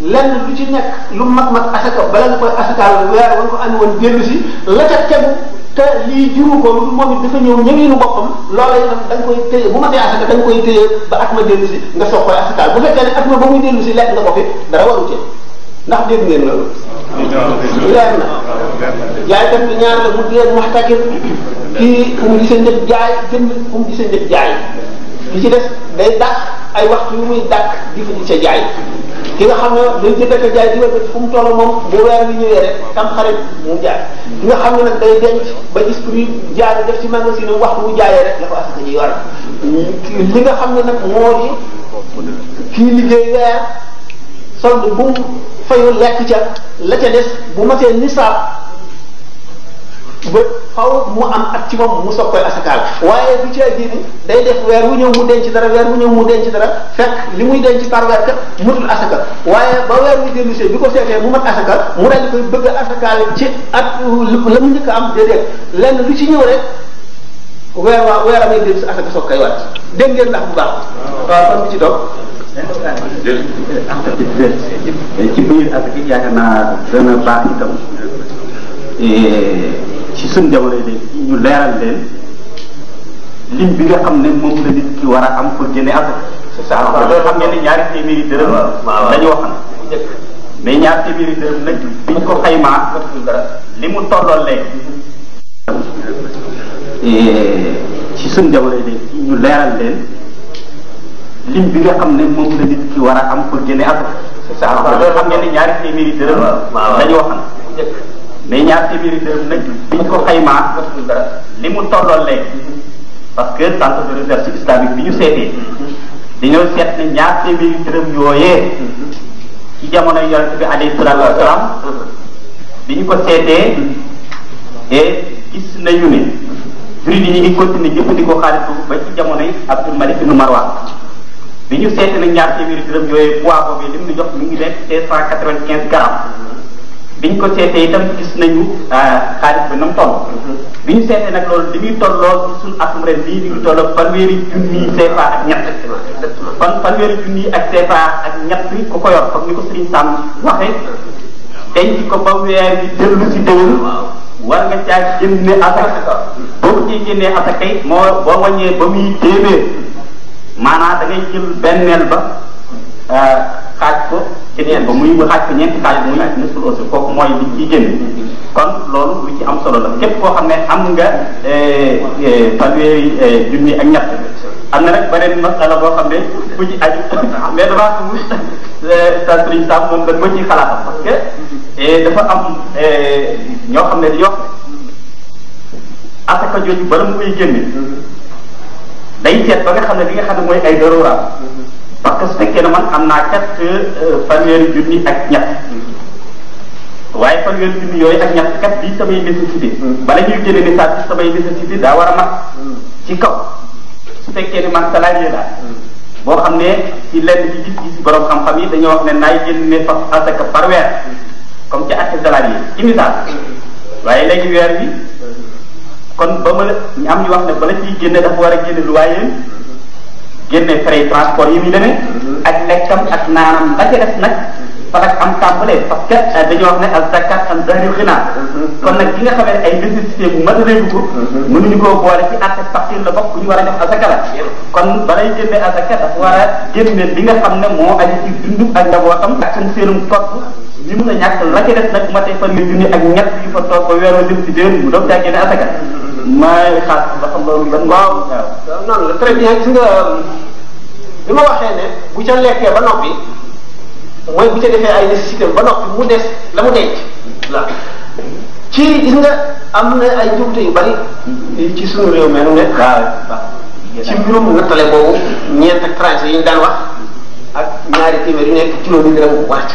lenn lu ci nekk lu mag mag asaka bala nga koy asakaal weer wala ko andi woon dellu si la ca tegu te lii juru ko moom ñu dafa ñëw ñëwinu boppam loola itam da nga koy téye bu ma tee asaka da koy téye ba ak ma dellu si nga soog koy asakaal bu fekkee ne ma ba muy dellu si lekk nga ko fi dara waru ci ndax dégg ngeen loolu. leer na jaay kat bi ñaar la mu dee maxtakin kii mu gisee njëg jaay jënd mu gisee njëg jaay li ci des day dàq ay waxtu yu muy dàq di fa di ca jaay ki nga xam ne dañ ci dëkk jaay diwén fu mu toll moom bu weer wi ñëwee rek tam xarit mu jaay ki nga xam ne nag day denc ba gis prix jaay def ci magasin am waxtu mu jaayee rek la ko askan wi yore li nga xam ne nag moo di kii liggéey weer solde bu mu fayu lekk ca la ca des bu matee nisaab ba xaw mu am ak ci moom mu soog koy asakaal waaye bu ci agee day def weer wu ñëw mu denc dara weer wu ñëw mu denc dara fekk li muy ci par weer kat mutul asaka waaye ba weer wu dellu see bi ko seetee mu mat asaka mu daal di koy bëgg asakaal ci at la mu njëkk am déedéet lenn lu ci ñëw rek weer waa weer amee dellu si asaka soog koy wàcc dégg ngeen ndax bu baax waaw fan ci toog ci biir asaka yaakaar suñ jamono léegi ñu leeral leen lim bi nga xam ne moom la nit ki war a am pour génne xam ne ñaari téeméeri dërëm. waaw lañu ñaar téeméeri dërëm nag. bu ñu ko xaymaa li mu tolloon léegi. ci suñ jamono léegi ñu leeral leen lim bi nga xam ne moom la nit ki war a am pour génne asaka. c'est ça xam ngeen ne ñaari téeméeri dërëm. waaw lañu waxoon mais ñaar téeméeri dërëm nag bi ñu ko xaymaa gatul li mu tolloon léegi parce que centre de recherche islamique bi ñu seetee dañoo seet ne ñaar téeméeri dërëm yooyee ci jamono yonent bi alayhi salaatu salaam bi ñu ko seetee et gis nañu ne juri di ñu ngi continuer jëfandikoo xaalis boobu ba ci jamono yi Abdul Malik ibn Marwan bi ñu seetee ne ñaar téeméeri dërëm yooyee poids boobu li mu ñu jox mi ngi nekk 595 grammes biñ ko seetee itam gis nañu ah, xaalis bi na mu toll bi ñu seetee nag loolu li muy tolloo ci suñ atum ren bii li ngi tolloo fanweeri junni CFA ak ñett kon fanweeri junni ak CFA ak ñett ku ko yor comme ni ko Serigne Sam waxee denc ko ba weer bi dellu ci war nga caa génne asaka boo ko ciy génnee asaka moo boo wàññee ba muy téeméer maanaam da ngay jël benneel ba ah, xaaj ko ci neen ba muy mu xaaj ko ñeenti xaaj muy ak nisful aussi kooku mooy li ciy génn kon loolu lu ci am solo la képp koo xam ne am nga eh, eh, fanweeri eh, junni ak ñett am na nag beneen masala boo xam ne ku ci aju mais dafa sa sëriñ Sam moom dañ ko ciy xalaat parce que dafa am ñoo xam ne di yokk asaka jooju bala mu koy génne day seet ba nga xam ne li xam ne mooy ay dororaam parce que su fekkee ne man am naa kat euh, fanweeri junni waaye fanweeri junni yooyu ak ñett kat bi samay nécessité bala ñuy génne ni sax samay nécessité daa war a mat ci kaw su fekkee ne man salarié la boo xam ne ci lenn ci gis-gis borom xam-xam dañoo wax ne naay génne fas asaka par weer comme ci acte salarié ci waaye léegi weer bi kon ba ma la ñu am ñu wax ne bala ciy génne dafa war a génne lu waaye génne frais transport yi muy demee ak lekkam ak naanam la ca des nag fa nag am tàmbalee parce que euh, dañoo wax ne al zakat an dahril ghina kon nag ki nga xam ne ay nécessité bu mat réewu ko ñu koo boole ci àtte partir la bokk ku ñu war a def asaka la kon balay génne asaka dafa war a génne li nga xam ne moo aju ci dund ak njabootam ak seen seenum togg li mun a ñàkk la ca des nag bu matee fan nga junni ak ñett yu fa toog weeroo jëm ci déwén mu maay xaar ba xam ba ban. waaw waaw noonu la très bien nga bi ma waxee ne bu ca lekkee ba noppi mooy bu ca defee ay nécessité ba noppi mu des la mu denc ci gis nga am na ay jumte yu bari ci suñu réew meenu ne waaw ci mbirum nattale boobu ñeent ak tranché yi ñu daan wax ak ñaari téeméer yu nekk juróomi dërëm bu wàcc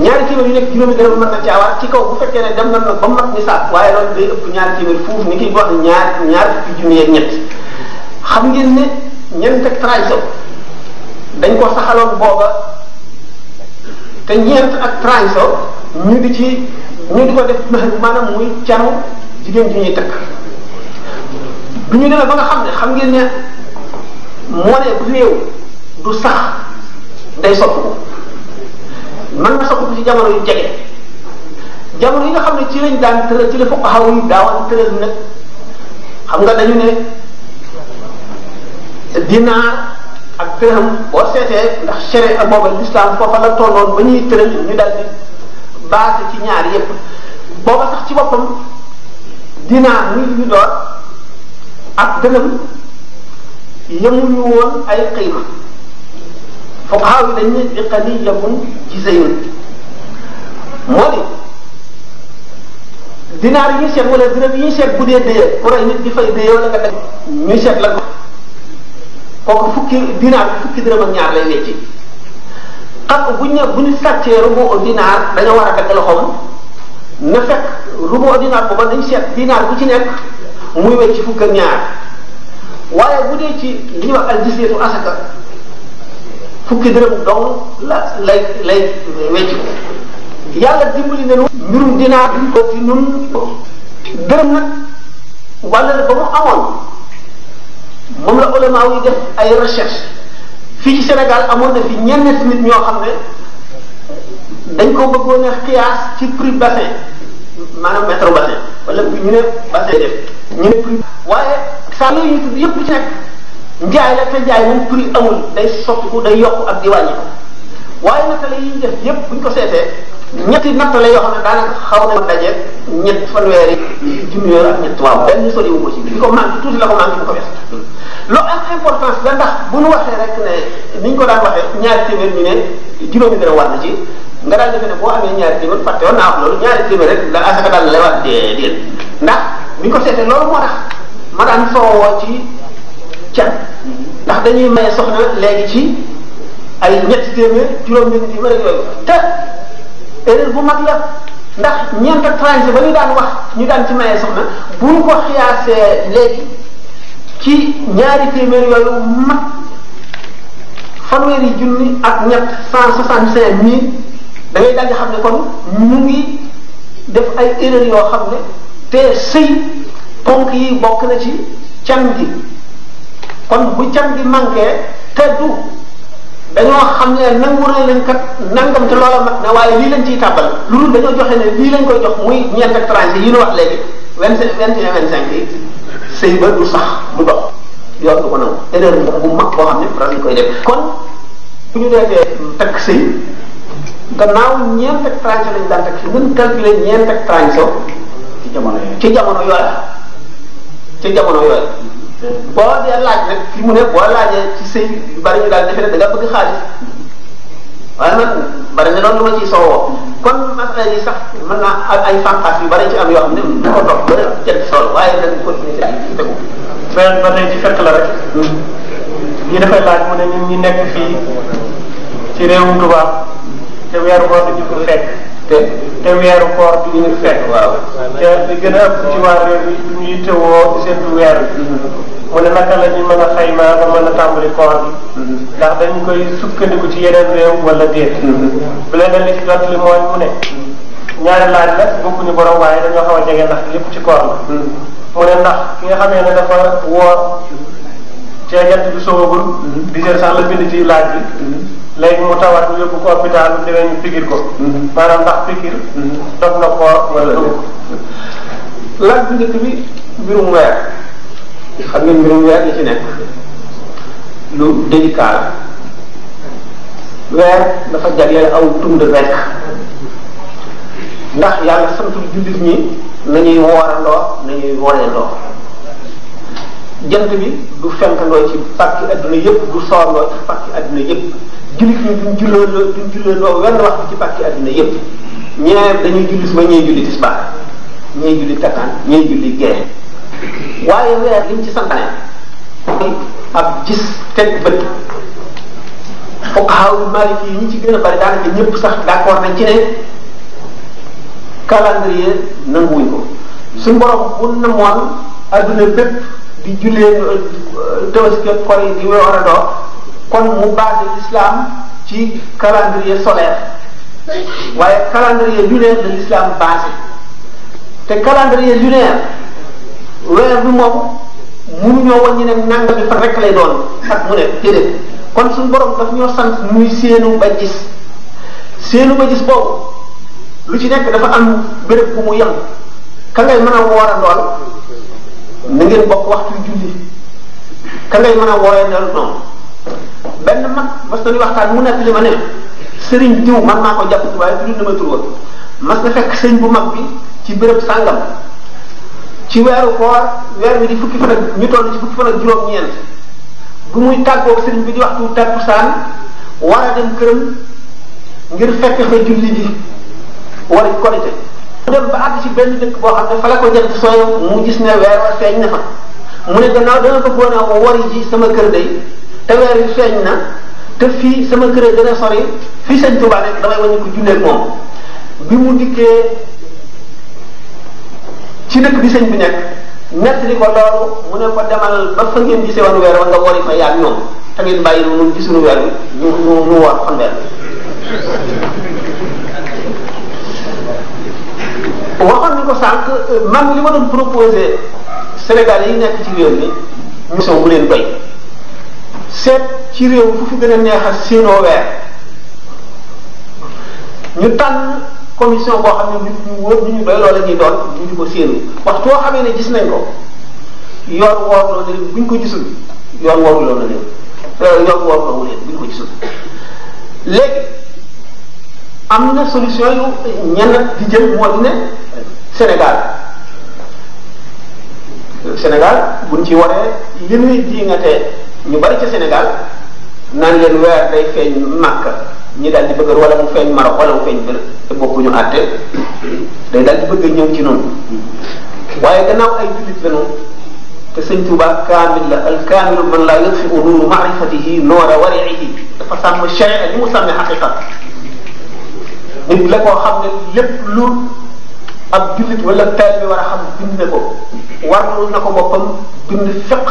ñaari téeméer yu nekk juróomi dërëm mën na caawaar ci kaw bu fekkee ne dem nañ nag ba mat ni saat waaye loolu day ëpp ñaari téeméer fuuf ni kiy wax ñaar ñaar fukki junni ak ñett xam ngeen ne ñeent ak trahison dañ ko saxaloon booba te ñeent ak trahison ñu di ci ñu di ko def maanaam muy canu jigéen ju ñuy takk bu ñu demee ba nga xam ne xam ngeen ne moo ne réew du sax day soppiku man na soppi ci jamono yu jege jamono yi nga xam ne ci lañ daan tëral ci la fuqaha yi daawoon tëral nag xam nga dañu ne dinaar ak dirham boo seetee ndax chéré ak booba la tolloon ba ñuy ñu dal di baase ci ñaar yépp booba sax ci boppam dinaar muy lu ñu door ak dirham yemuñu woon ay xëyma fuqahaa yi dañuy li qadiyatun ci sëyul moo i dinaar yi ñuy seet bu dee dëyee ku rey nit di seet la kooku fukki dinaar fukki dërëm ak ñaar lay wecci xam buñ ne bu ñu sàccee dinaar dañoo war a dagg loxoom na fekk rubu dinaar booba dañ seet dinaar bu ci nekk muy wecci fukk ak ñaar waaye bu dee ci li ñuy wax al jiseetu asaka fukki dërëm dong la lay lay wecc yàlla dimbali na nu mbirum dinaa ko ci nun dërëm nag wàlla la ba mu amoon moom la ulama yi ay recherche fii ci Sénégal amoon na fi ñenn nit ñoo xam ne dañ ko bëggoon a xiyaas ci prix bassin maanaam métro bassin wala ne bassin def ñu ne prix waaye saa yooyu yëpp ci nekk njaay la te njaay moom prix amul day soppiku day yokk ak di wàññi ko waaye nattale yi ñu yépp bu ñu ko seetee ñetti nattale yoo xam ne daanaka xaw daje ñett fanweeri junni ak ñett waaw ko ci li ko manqué tuuti la ko manqué bu ko bu ñu waxee rek ne ni ñu ko daan waxee ñaari téeméer ñu ne juróomi dara war na ci nga daal defe ne boo amee naa ko loolu ñaari téeméer ko seetee loolu moo tax ma daan soowoo ci cat ndax dañuy maye soxna léegi ci ay ñetti téeméer juróom-ñetti yooyu te erreur bu mag la ndax ñeent ak ba ñu daan wax ñu daan ci maye soxna bu ñu ko xiyaasee léegi ci ñaari téeméer yooyu mag fanweeri junni ak ñett cent soixante cinq mille da ngay xam ne kon ñu ngi def ay erreur yoo xam ne te sëy ponk yi bokk na ci can gi kon bu can bi manqué te du dañoo xam ne nangu nañ leen kat nangam te loola mag na waaye lii lañ ciy lu loolu dañoo joxe ne lii lañ koy jox muy ñeent ak tranché yi ñu wax léegi vingt sept vingt et un vingt cinq yi sëy ba du sax du dox yoon du ko nangu erreur bu mag boo xam ne France koy def kon bu ñu defee takk sëy gannaaw ñeent ak tranché lañ daan takk ñun calculer ñeent ak tranché ci jamono yooyu ci jamono yooyu ci jamono yooyu boo dee laaj rek mu ne boo laajee ci sëy yu bari ñu daal defe ne da nga bëgg xaalis waaye man bari na loolu lu ma ciy soowoo kon masala ay fanqaas yu bari ci am yoo xam ne da ko topp ba jënd solo waaye dañ continuer ci ay tegu benn ba tey ci la rek ñi dafay laaj mu ne ñun nekk fii ci réewum tubaab te weeru koor di ko fekk te te weeru koor bi ñu fekk. waaw te li gën a ëpp ci waa réew mi ñuy tëwoo seentu weer bi. mu ne naka la ñu mën a xaymaa ba mën a tàmbali koor bi. ndax dañ koy sukkandiku ci yeneen réew walla déet. bu leen li ci jot li mooy mu ne. ñaari laaj la bokkuñu borom waaye dañoo xaw a jege ndax lépp ci koor la. mu ne ndax ki nga xamee ne dafa woor. cee jant bi soogul. di jël sax la bind ci laaj bi. léegi mu tawaat ñu yóbbu ko hôpital dinañ sigil ko. maanaam ndax sigil. dog na ko wala dugg. laaj bu njëkk bi mbirum weer xam ngeen mbirum weer li ci nekk lu délicat weer dafa jagleel aw tund rek ndax yàlla santul jullit ñi nañuy woorandoo nañuy woneendoo jant bi du fenkandoo ci pàcc adduna yépp du soorandoo ci pàcc adduna yépp jullit ñi duñ julloo duñ julloo wenn waxtu ci pàcc àdduna yëpp ñee dañuy julli suba ñee julli tisbaar ñee julli takkaan ñee julli gee waaye weer liñ ci santane ab gis teg bët fuqahaawul maaliki yi ñi ci gën a bari daanaka ñëpp sax d'accord nañ ci ne calendrier nanguwuñ ko suñ borom bu namoon adduna bépp di jullee euh, tabaski koor yi di war a doo kon mu basé l'islam ci calendrier solaire waaye calendrier lunaire la l'islam basé te calendrier lunaire weer bi moom mun ñoo wàññi ne nanga bi fa rek lay doon ak mu ne déedéet kon suñ borom daf ñoo sant muy séenu ba gis séenu ba gis boobu lu ci nekk dafa am béréb bu mu yem ka ngay mën a woor a dool na ngeen bokk waxtu julli ka ngay mën a wooree dool noonu benn mag mas nañu waxtaan mu nekk li ma ne sëriñ diw man maa ko jàpp waaye tudd na ma tur woon mas fekk sëñ bu mag bi ci béréb sàngam ci weeru koor weer bi di fukki fan ak ñu toll ci fukki fan juróom-ñeent bu muy tàggoog sëriñ bi di waxtu takkusaan war a dem këram ngir fekk fa julli bi war a mu dem ba àgg ci benn dëkk boo xam ne fa la ko jant sooyo mu gis ne weer wa feeñ na fa mu ne gannaaw dana ko ko wari ji sama kër day te weer wi feeñ na te fii sama kër gën a sori fii sëñ Tuba rek damay wàññi ko junneeg moom bi mu dikkee ci dëkk bi sëñ bi nekk ñett li ko loolu mu ne ko demal ba fa ngeen gisee woon weer wa nga wari fa yaag ñoom te ngeen bàyyi noonu gisuñu weer bi ñu ñu ñu war weer bi ni ko sànq euh, man li ma doon proposé Sénégal yi nekk ci réew mi mission bu leen bay seet ci réew fu fi gën a neex a séenoo weer ñu tànn commission koo xam ne nit ñu wóor ñu ñu doy loola ñu ko séenu waxtu boo xamee ne gis nañ ko yoon woor loo leen buñ ko gisul yoon na leen euh, yoon woorloowu ko gisul léegi am na solution yu ñenn di jël moo ne Sénégal Sénégal buñ ci waree li nuy nga tee ñu bari ci Sénégal naan leen weer day feeñ màkk ñi daal di bëgg wala mu feeñ Maroc wala mu feeñ bër te bokkuñu àtte day daal di bëgg ñëw ci noonu waaye gannaaw ay jullit lañu te sëñ Tuuba kaamil la al kaamilu la laa yutfiu nuuru maarifatihi noora wariihi dafa sàmm sharia li mu sàmmee xaqiqa nit la xam ne lépp lu ab jullit wala taalibe war a xam bind ko ko warul na ko boppam bind fiq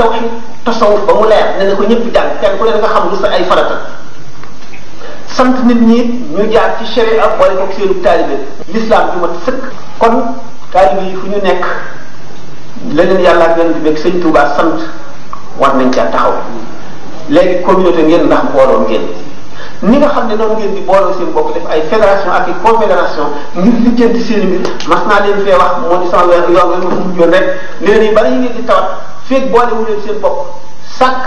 tawhid tasawuf ba mu leer ne na ko ñëpp jàng kenn ku ne nga xam lu sa ay farata sant nit ñi ñu jaar ci sharia ak boole ko seenu taalibe l'islam ju kon taalibe yi fu ñu nekk leneen yàlla ak yonent bi ak sëñ Tuubaa sant war nañ caa taxaw léegi communauté ngeen ndax mbooloo ngeen ni nga xam ne noonu ngeen di booloo seen bopp def ay fédération ak i confédération ngir lijjanti seen mbir mas naa leen fee wax moo di sama yoon yoon mu mujjoon rek nee nañ bala ñu ngeen di tawat feeg boole wu leen seen bopp sàkk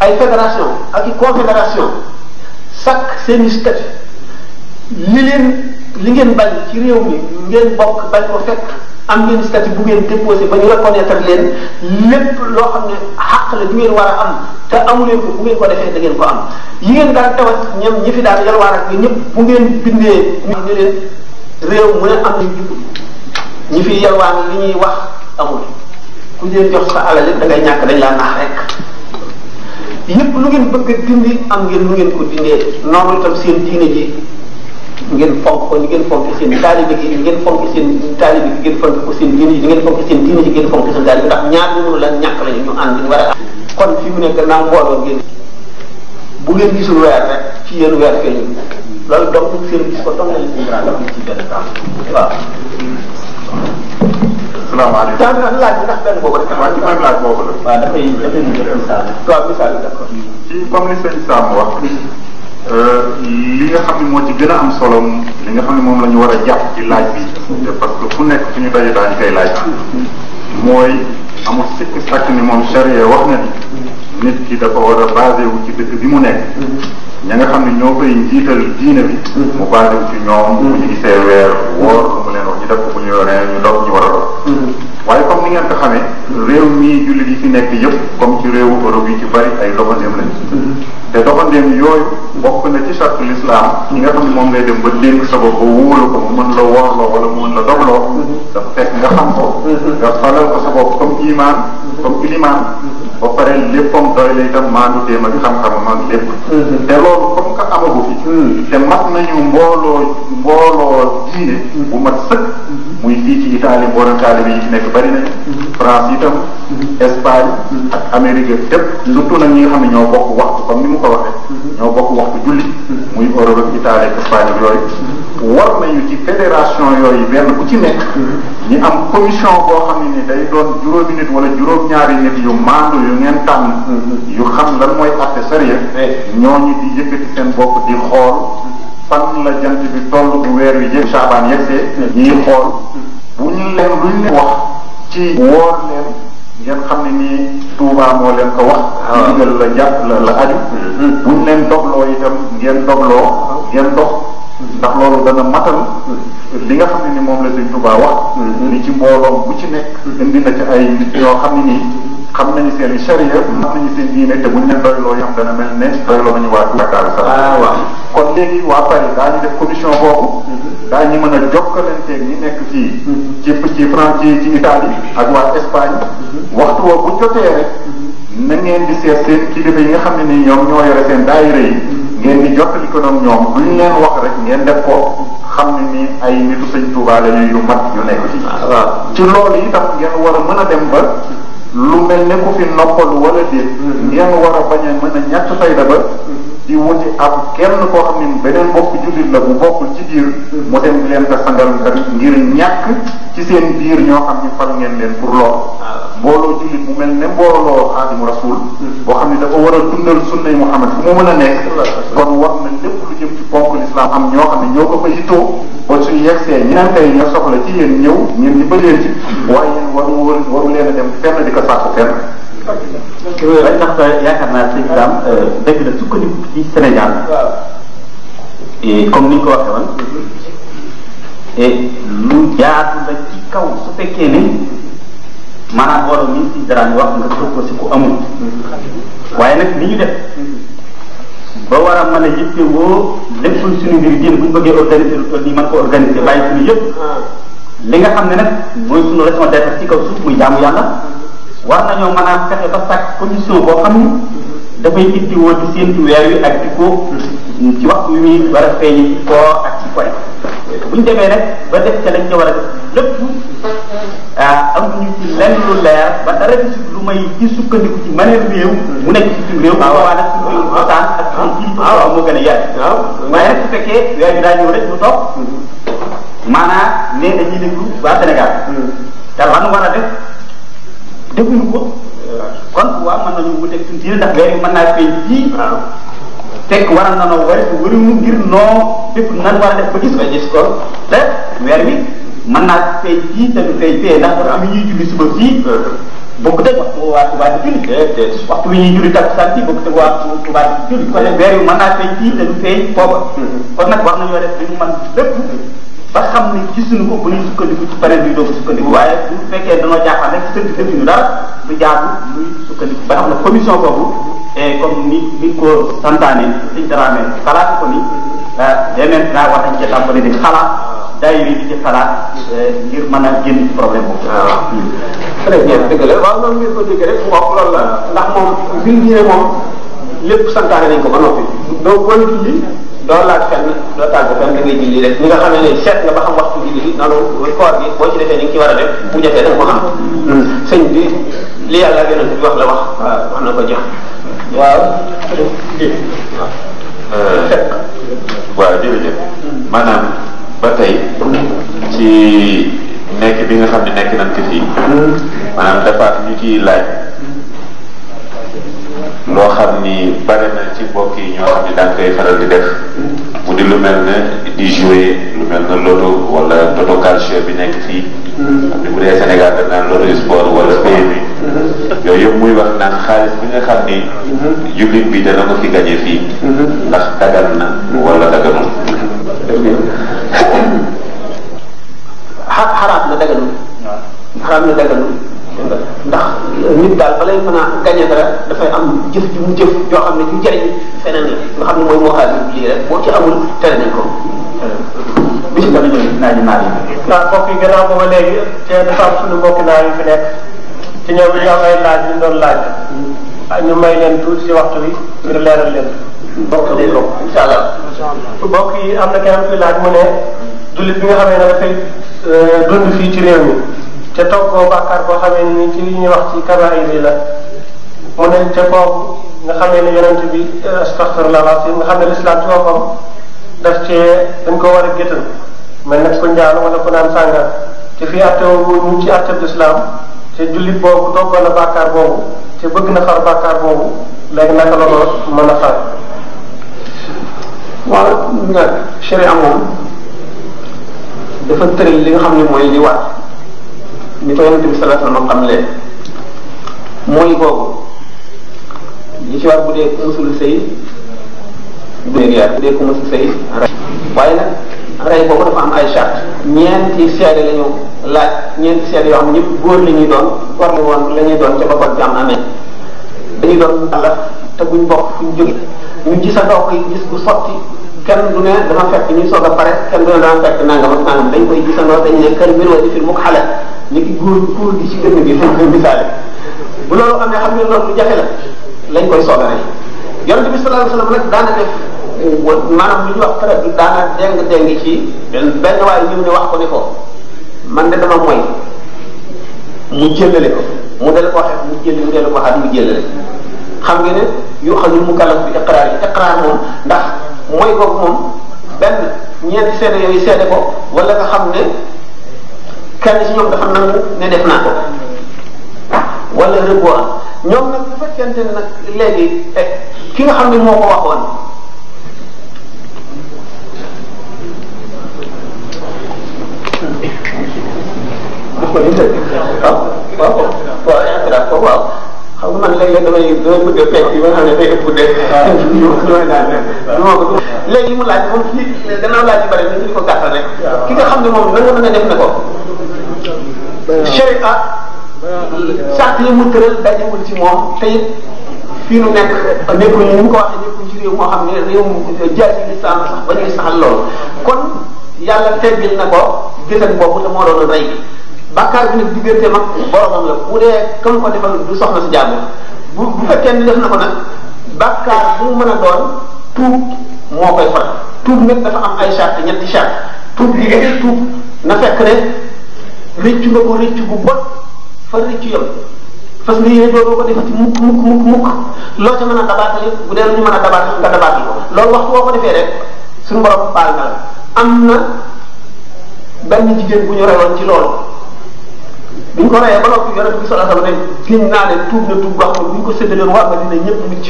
ay fédération ak i confédération sàkk seen i statut li leen li ngeen bañ ci réew mi ngeen bokk bañ ko fekk am ngeen statut bu ngeen déposé ba ñu reconnaître leen lépp loo xam ne xàq la du ngeen war a am te amuleen ko bu ko defee da ngeen ko am yi ngeen daan tawat ñoom ñi fi daal yalwaar ak ñi ñëpp bu ngeen bindee ñu ne leen réew mu ne fi yalwaan li ñuy wax amul ku leen jox sa alal da ngay ñàkk dañ laa naax rek yépp lu ngeen bëgg a dindi am ngeen lu ngeen ko dindee noonu itam seen diine ji ngeen fonk ko ni ngeen fonk seen taalibe gi ngeen fonk seen taalibe gi ngeen fonk ko seen diine ji ngeen fonk seen diine ji ngeen fonk seen taalibe ndax ñaar ñu mënu lan ñàkk lañu ñu ànd ñu war a kon fi mu nekk naa mbooloo ngeen bu ngeen gisul weer rek ci yéen weer feeñu loolu donc seen gis ko dong lañ seen raadam ci benn temps waaw salaamaaleykum temps nag laaj ndax benn boobu rek waaw ci même Euh, li nga xam ne moo ci gën a am solo li nga xam ne moom la ñu war a jàpp ci laaj bi te parce que fu nekk fu ñu daje daañu koy laaj mooy amul sikk sàkk ni moom charia wax na ni nit ki dafa war a wu ci dëkk bi mu nekk ña nga xam ne ñoo koy njiital diine bi mu basé wu ci ñoom bu ñu gisee weer woor mu leen wax ñu def ko ñu yoree ñu dox ñu war a dox waaye comme ni ngeen ko xamee réew mii jullit yi fi nekk yëpp comme ci réewu Europe yi ci bari ay doxandéem lañ mm-hmm. te doxandéem yooyu bokk na ci charte l'islam ñi nga xam ne moom ngay dem ba dénk sa bopp ba wóolu ko mu mën la woorloo wala mu mën la dogloo mm-hmm. dafa fekk nga xam ko mm-hmm. nga falal ko sa bopp comme comme ilimaan ba pare léppam doy la itam maandu téem ak xam-xamam ak lépp mm-hmm. te loolu comme que amagu fi mm-hmm. te mat nañu mbooloo mbooloo diine mm-hmm. bu mat sëkk muy fii ci Italie mboolem taalibe yi ci nekk bari nañ France itam Espagne ak Amérique lépp surtout nag ñi nga xam ne ñoo bokk waxtu comme ni mu ko waxee ñoo bokk waxtu julli muy Europe ak Italie ak Espagne ak yooyu war nañu ci fédération yooyu benn bu ci nekk ñi am commission boo xam ne ni day doon juróomi nit juróom-ñaari nit yu maandu yu ngeen tànn yu xam lan mooy àtte sariya eh. ñooñu di yëkkati seen bopp di xool fan la jant bi toll bu weer wi jëm saabaan yegsee ñuy xool bu ñu leen luñ leen wax ci woor leen ngeen xam ne nii tuubaa moo leen ko wax ah. ndigal la aju mm-hmm. buñ leen dogloo itam ngeen dogloo ngeen dox ndax loolu dana matal li nga xam ne ni moom la sëñ Tuubaa wax ci mbooloo bu ci nekk indi na ci ay yoo xam ne ni xam nañu seen i charia xam nañu seen diine te buñ leen doyloo yam dana mel ne doyloo nañu waa Dakar sax waaw kon léegi waa Paris def commission boobu daañu mën a jokkalanteeg ñi nekk fii ci ci France ci Italie ak waa Espagne waxtu woo bu jotee rek na ngeen bi seet seen kilifa yi nga xam ne nii ñoom ñoo yore seen daayira yi ngeen di jottali ko nag ñoom bu ñu leen wax rek ngeen def ko xam ne ni ay nitu sëñ Tuubaa la yu mat yu nekk ci. Ah, waaw ci loolu itam ngeen war a mën a dem ba lu mel ne ku fi noppalu wala déet. Hmm. ngeen war a bañ a mën a ñàkk fayda ba. di wuti am kenn koo xam ne beneen bokk jullit la bu bokkul ci biir mu dem di leen ko sangal ngir ñàkk ci seen biir ñoo xam ne fal ngeen leen pour lool mbooloo jullit mu mel ne mbooloo xaadimu rasul boo xam ne dafa war a dundal sunnay Muhammad fu mu mën a ne kon war na lépp lu jëm ci ponk l'islam am ñoo xam ne ñoo ko fa yittoo ba suñu yegsee ñeneen tey ñoo soxla ci yéen ñëw ñeen ñu bëleen ci waaye yéen waru waru leen dem fenn di ko sàkku fenn waaye tax yaakaar naa sëñ Dame dëgg la sukkandiku ci Sénégal comme ni ñu ko waxee woon lu jaatu la ci kaw su fekkee ne maanaam wala min si dara wax nga tëb ko si ku amul waaye nag li ñu def ba war a mën a yitte woo lépp suñu mbir diine bu ñu bëggee organiser lu toll nii mën ko organiser bàyyi suñu yëpp ah. li nga xam ne nag mooy suñu raison d'être ci kaw suuf muy jaamu yàlla war nañoo mën a fexe ba sàkk condition boo xam ni dafay ittiwoo di séentu weer wi ak di ko ci waxtu wi muy war a feeñ ci koor ak ci koy bu ñu demee rek ba def ca lañ ca war a def lépp ah amuñu ci lenn lu leer ba dara ci lu may ci sukkandiku ci mëneel réew mu nekk ci suñu réew. Ah, waaw waaw ah, ah, a yaatu. waaw waaye rek nee na ñuy déglu Sénégal. Hmm. te war na war a teguñu ko kon waaw mën nañu wuteeg suñu diine ndax weer yi mën naa feeñ fii fekk waral na noo wari wari mu ngir noo def nan war a def ba gis ba gis ko weer wi mën naa feeñ fii te du feeñ am ñuy julli suba fii bokk teg waxtu waa Tuubaa di julli waxtu wi ñuy julli takkusaan bi bokk teg waa Tuubaa di julli kon weer wi mën naa feeñ fii te du feeñ foofa hmm. kon nag war nañoo def li mu mën lépp ba xam ne gisuñu ko bu ñu sukkandiku ci beneen bi doo sukkandiku waaye bu fekkee dañoo jaaxal rek sëñ bi defuñu daal du jaadu muy sukkandiku ba xam ne commission boobu eh, comme ni ni ko santaane ah, suñ daraame eh, ngir mën a génn problème boobu. Ah. waaw ndax moom mbir moom lépp santaane nañ ko ba noppi donc kon kii doo laaj fenn doo tàgg fenn da ngay julli rek ñi nga xam ne seet nga ba xam waxtu julli bi noonu koor bi boo ci defee ni nga ci war a def bu jafee da nga ko xam hmm. sëñ bi li yàlla yonent bi wax la wax waaw wax ba tey ci nekk bi nga xam ne nekk nañ ko fii hmm. maanaam dafa ñu ciy laaj loo xam ni bari na ci mbokk yi ñoo xam ni daan koy faral di def mu di lu mel ne di jouer lu mel ne loto wala loto calcio bi nekk fii xam ni bu dee Sénégal dañ naan loto sport wala PMU yooyu yëpp muy wax naan xaalis bi nga xam ni jullit bi dana ko fi gañe fii ndax dagan na wala daganul xaraam na daganul xaraam na daganul ndax nit daal balay mën a gagné dara dafay am jëf ju mu jëf joo xam ne ju jëriñ feneen nga xam ne mooy moo xaar lii rek boo ci amul tere nañ ko. bisi yi. ndax mbokk yi gannaaw booba naa fi nekk ci ñoom ñu am ay laaj ñu doon laaj ah, ñu may leen tuuti ci waxtu bi leeral leen. mbokk yi incha allah am na keneen kuy mu ne jullit bi nga xam ne dafay euh, dund fii ci réew mi. te toggoo bàkkaar boo xamee ni ci li ñuy wax ci kabaayir yi la mu ne te kooku nga xamee ne yonent bi eh, astaghfirullah nga xam ne lislaam ci boppam daf cee dañ ko war a géttal mel nag ko njaan wala ko naan sàngar te fii attewu ñu ci atteb lislaam te jullit boobu toggoo na bàkkaar boobu te bëgg na xar boobu léegi naka la ko mën a xar waaw nga sharia moom dafa tëral li nga xam ne mooy li war ni ko yonente bi sallallahu alayhi wa sallam leen mooy boobu li ci war bu dee ku musul sëy bu dee ku musul sëy rey waaye nag rey boobu dafa am ay charte ñeenti seede la ñu laaj ñeenti seede yoo xam góor la ñuy doon war la woon la ñuy doon ca ba ko jàmm amee dañuy doon àlla te buñ bokk fuñ jóge ñu gis a dox yi gis bu sotti kenn du ne dama fekk ñu soog a pare kenn du ne dama fekk nangam ak nangam dañ koy gisandoo dañ ne kër mbir wa di fil mu xale ñu ngi góor góor gi ci dënn bi dañ koy misaale bu loolu amee xam ngeen loolu lu jafe la lañ koy soog a rey bi sallallahu alayhi wasallam nag daana maanaam lu ñuy wax pare benn benn waaye ñëw ne wax ko man de dama mooy mu jëlale ko mu dale ko waxee mu jël mu dale ko waxaat mu jëlale xam ngeen ne yoo xam ne mu kàllaf bi iqraar yi iqraar moom ndax mooy kooku moom benn ñeenti seede yooyu seede ko wala nga xam ne kenn si ñoom dafa nangu ne def naa ko wala rëbboo am ñoom nag bu fekkente ne nag léegi ki nga xam ne moo ko waxoon waaw waaw waaw man léeg-léeg damay damay bëgg a fekk yi nga xam ne day ëpp de. waaw ko léegi mu laaj moom nit gannaaw laaj yu bëri nañ ko gàttal rek. ki nga xam ne moom nan nga mën a def ne ko. sharia sart yi mu tëral dajewul ci moom te it fii nu nekk nekkul ni mu ko waxee nekkul ci réew moo xam ne réew mu jaay ci lislaam sax ba ñuy saxal loolu kon yàlla teggil na ko gësën boobu te moo doon rey bi bàkkaar bi ne diggante mag boromam la bu dee comme ko defal du soxna si jàmm bu bu fekkee ni def na ko nag bàkkaar bu mu mën a doon tuub moo koy far tuub nag dafa am ay charte ñetti charte tuub li nga na fekk ne rëccu nga ko rëccu bu bot fa rëccu yam fas nga yéene doo ko defati mukk mukk mukk mukk loo ca a dabaatal yëpp bu ko loolu waxtu boo ko defee rek suñu borom baal na la am na benn jigéen bu ñu rewoon ci loolu biñ ñu ko reyee ba noppi yonent bi sallallahu alayhi wasallam ne giñ naa ne tuub na tuub wax bu ñu ko séddaleen waa Madina ñëpp mucc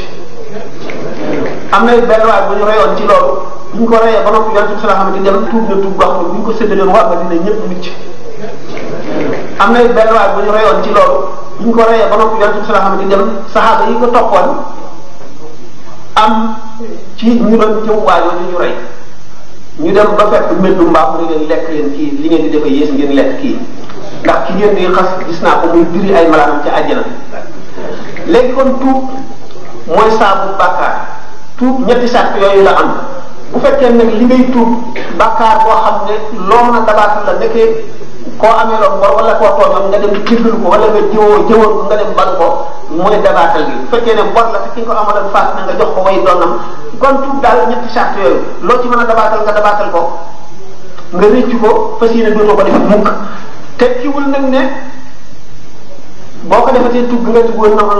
am na benn waay bu ñu reyoon ci loolu bu ko reyee ba noppi yonent bi sallallahu alayhi wasallam ne tuub na tuub wax bu ñu ko séddaleen waa Madina ñëpp mucc am na benn bu ñu reyoon ci loolu bu ñu ko reyee ba noppi yonent bi sallallahu saxaaba yi ko toppoon am ci ñu doon jëm waay ñu rey ñu dem ba fekk mbëndu mbaax mu ne leen lekk leen kii li ngeen di defee yées ngeen lekk kii ndax ki ngeen di xas gis naa ko muy diri ay malaanam ci àjjana léegi kon tuub mooy saabu bàkkaar tuub ñetti sàkk yooyu la am bu fekkee nag li ngay tuub bàkkaar boo xam ne loo a dabaatal la nekkee koo amee loon bor wala koo nga dem ko wala nga jëwoo jëwoon ko nga dem bal ko mooy dabaatal gi bu fekkee ne bor la te nga jox ko way doonam kon tuub daal ñetti sàkk yooyu loo ci mën a dabaatal nga dabaatal ko nga rëccu ko fas yéene ko def mukk tekkiwul nag ne boo ko defatee tugg nga tuggoon na ko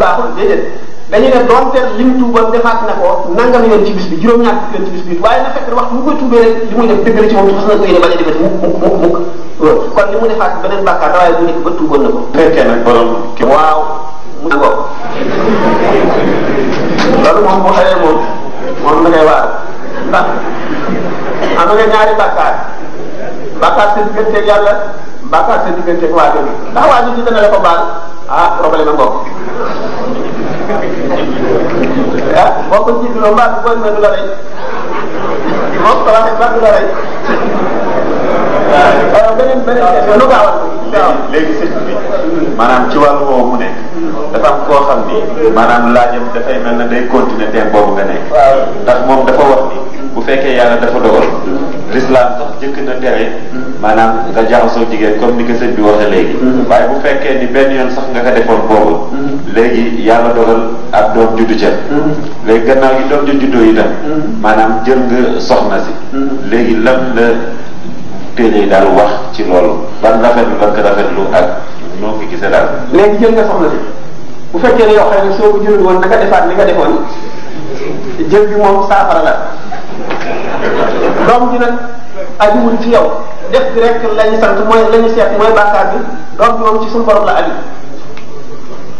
baaxul déedéet dañuy ne donte lim tuuboon defaat na ko nangam yoon ci bis bi juróom-ñaar fukki yoon ci bi waaye na fekk waxtu bu koy tuubee rek li muy def dëgg la ci moom te fas na ko yéene bañ mu defaat beneen bàkkaar waaye bu nekk ba na ko. fekkee nag borom kii waaw mu ne ko loolu moom boo xamee moom moom da ngay waar ndax am nga ñaari bàkkaar bàkkaar seen gënteeg yàlla. bàkkaar sa diggante ak waa kër gi ndax waa ji dana ah problème a ngoog *laughs* ah boo ko du la rey moom ko waxee mbaa du la rey *laughs* waaw beneen beneen question lu gaaw léegi sëñ bi maanaam ci wàllu woowu mu nekk dafa am koo xam ni maanaam laajam dafay mel ne day continuer thème boobu nga moom dafa wax ni bu fekkee yàlla dafa dogal l'islam sax jëkk na tere maanaam nga soo jigéen comme ni ko sëñ bi waxee léegi mm-hmm. waaye bu fekkee ni benn yoon sox nga ko defoon boobu mm-hmm. léegi yàlla dogal ak doom juddu ca mm-hmm. léegi gannaaw gi doom ju juddoo itam maanaam jën nga soxna si léegi lam la téere yi daal wax ci loolu ban rafetlu ban ko rafetlu ak noo ngi gisee daal léegi jën nga soxna si bu fekkee ne yoo xam ne soo ko jëlul woon naka defaat li nga defoon jël bi moom saafara la doom ji nag ajuwul ci yow def bi rek la ñu sant mooy la ñu seet mooy bàkkaar bi doom bi moom ci suñu borom la aju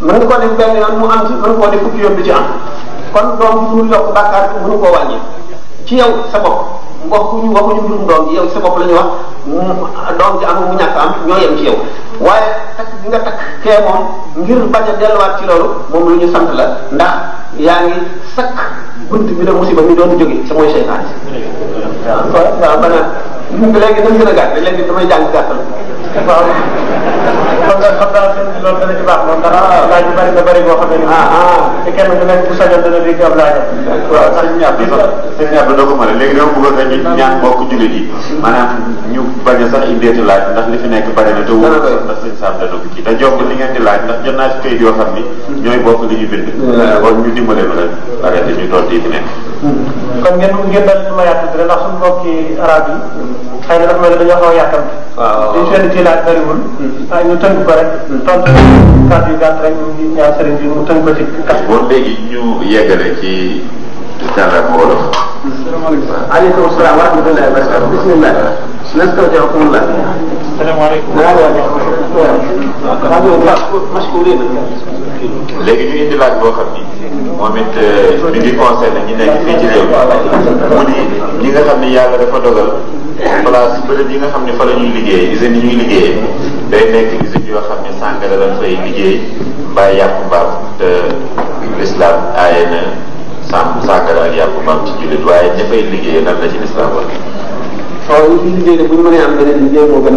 mën nga koo def benn yoon mu am ci mën nga koo def fukki yoon du ci am kon doom bi mënul yokk bàkkaar bi ci yow sa bopp waxuñu waxuñu mbirum doom ji yow sa bopp la ñu wax doom ji am mu ñàkk am ñoo yem ci yow waaye takk bi nga takk kee moom ngir bañ a delluwaat ci loolu moom lu ñu sant la ndax yaa ngi sakk bunt bi la musiba mi doon jóge sa mooy seytaane waaw waaw maanaam léegi dañ gën a gàtt léegi damay jàng gàttal waaw xam nga xam naa loolu dana ci baax moom ndax laaj yu bëri na bëri boo xam ne nii. te kenn ku nekk bu sañoon dana dégg am laaj. waaw sëñ ñàpp sax sëñ ñàpp doo ko mën a léegi dama bëgg a ñu ñaan mbokku jullit yi maanaam ñu bañ sax indeeti laaj ndax li fi nekk bëri na te wóor ndax sëñ Sam dana ko kii te jox li ngeen di laaj ndax jot naa ci kayit yoo xam ni ñooy bokk li ñu bind. kon ñu dimbale ma rek arrêté ñu doon di fi nekk. kon ngeen ngeen dal ci ma yàq ndax suñu mbokki arab dañoo xaw a yàqante bi daal bëriwul. Mm-hmm. waaye ñu tënk ko rek. Mm-hmm. tontu kàddu yu gàtt rek ñu ñaan sëriñ bi mu tënk ko ci kàddu. bon léegi ñu yeggale ci jàllale mbooloo. asalaamaaleykum salaam wa rahmatulah wa barakatuh bismillah. nastawdi'ukumullah. asalaamaaleykum. léegi ñu indi laaj boo xam ni moom it euh, mi ngi concerné ñi nekk fii ci réew mi mu ni ñi nga xam ni yàlla dafa dogal. place bërëb yi nga xam ne fa la ñuy liggéey usines yi ñuy liggéeyee day nekk usines yoo xam ne sàngara lañ fay liggéey mbaa yàpp mbaam te l'islam aaye na sàmm sàngara ak yàpp mbaam ci jullit waaye ña fay liggéeyee nan la ci l'islam wax waaw ñu ci liggéey de bu ñu mënee am beneen liggéey moo gën bi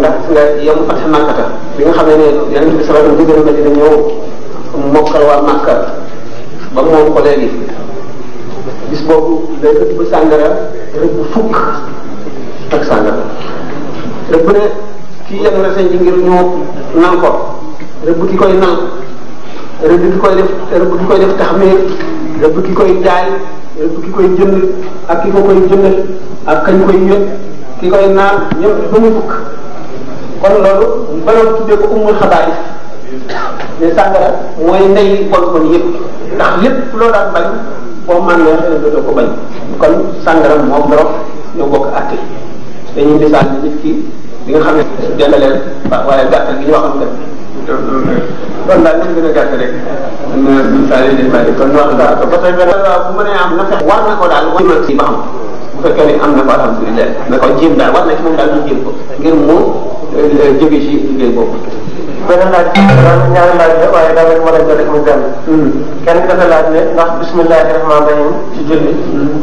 nga xam ne ne yeneen bi salatu digëra ma dina ñëw mokkal waa màkka ba moom ko bis boobu day ëpp sàngara rëbb fukk ak sàngara rek bu ne kii yem reseñ bi ngir ñu nan ko rëbb ki koy nan rëbb ki koy def rëbb ki koy def taxmiir rëbb ki koy jaay rëbb ki koy jënd ak ki koy jëndal ak kañ koy yët ki koy naan ñëpp ba mu fukk kon loolu baloo tuddee ko umul xabaar yi sàngara mooy ndey bon ndax yëpp loo daan bañ boo bokk àtte dañuy misaal nit ki li nga xam ne jëndaleen waaye gàttal gi ñu waxoon dëgg kon daal nañ gën a gàtt rek misaal yi bari kon wax daal ko ba tey bu mënee am na fex war na ko daal wëñmal si ba xam bu fekkee ne am na ko alhamdulilah na ko jéem daal war na ci moom daal ñu jéem ko ngir mu euh, jóge ci liggéey boobu beneen laaj daal ñaari laaj la waaye daa leen mën a jël rek mu benn hmm. kenn dafa laaj ne ndax bismillahi rahmaani rahim ci julli hmm.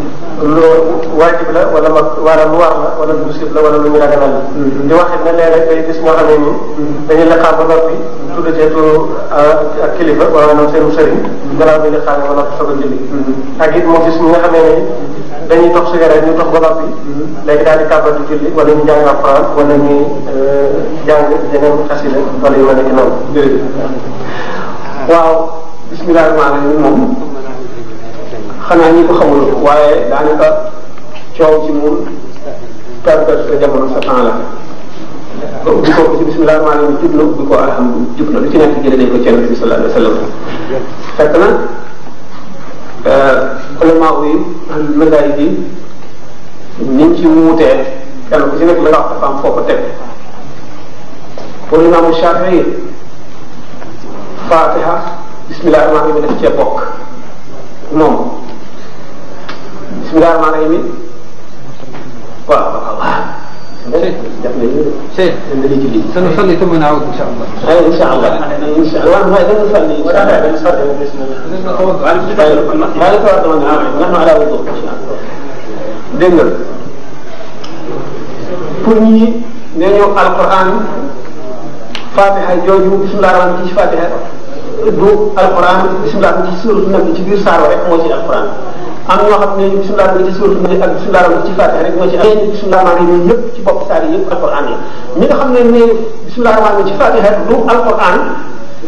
loo waajib la wala mag wala lu war la wala lu sib la wala lu ñu raganal la. di wax it ne léeg-léeg day gis ñoo xam ne nii dañuy laqaam ba noppi. tudd cee turu ah, ak kilifa wala maanaam seen sëriñ. gannaaw bi laqaamee ba noppi soog a julli. ak it moo gis ñi nga xam ne nii dañuy tox cigarette ñu tox ba noppi. léegi daal di kàbbatu julli wala ñu jàng alxuraan wala ñu eh, jàng yeneen xasida wala yu mel ni noonu. waaw bismillah maanaam moom. xanaa ñi ko xamul waaye daanaka coow ci moom perpète sa jamono sa temps la ba ubbi ko ci bisimilah rahmaan rahim jub na ubbi ko alhamdulilah jub na lu ci nekk jëlee nañ ko ci yonente bi sallallahu alayhi wa sallam fekk na euh, ulama yi mëndaay bi niñ ci wuutee kenn ku ci nekk la nga wax dafa am foo ko teg pour imaamu Shafii yi fatiha bisimilah rahmaan rahim daf cee bokk moom ngaar maa ngi nii waaw waaw waaw. def nañu. Cheikh dinañu ci lii. sanu salli sama naaw incha allah. aywa incha allah. incha allah waaw waaye dana salli. incha allah dana salli. waaw waaw dégg nga pour ñi ne ñëw alquran fatiha jooju bisimilah rahmaan ci fatiha du alquran bisimilah ci suur nag ci biir saaro rek moo ci alquran am ñoo xam ne bismillah bi ci suuf bi ak bismillah bi ci fàtte rek moo ci am bismillah maa ngi yëpp ci bopp saar yi ñi nga xam ne ne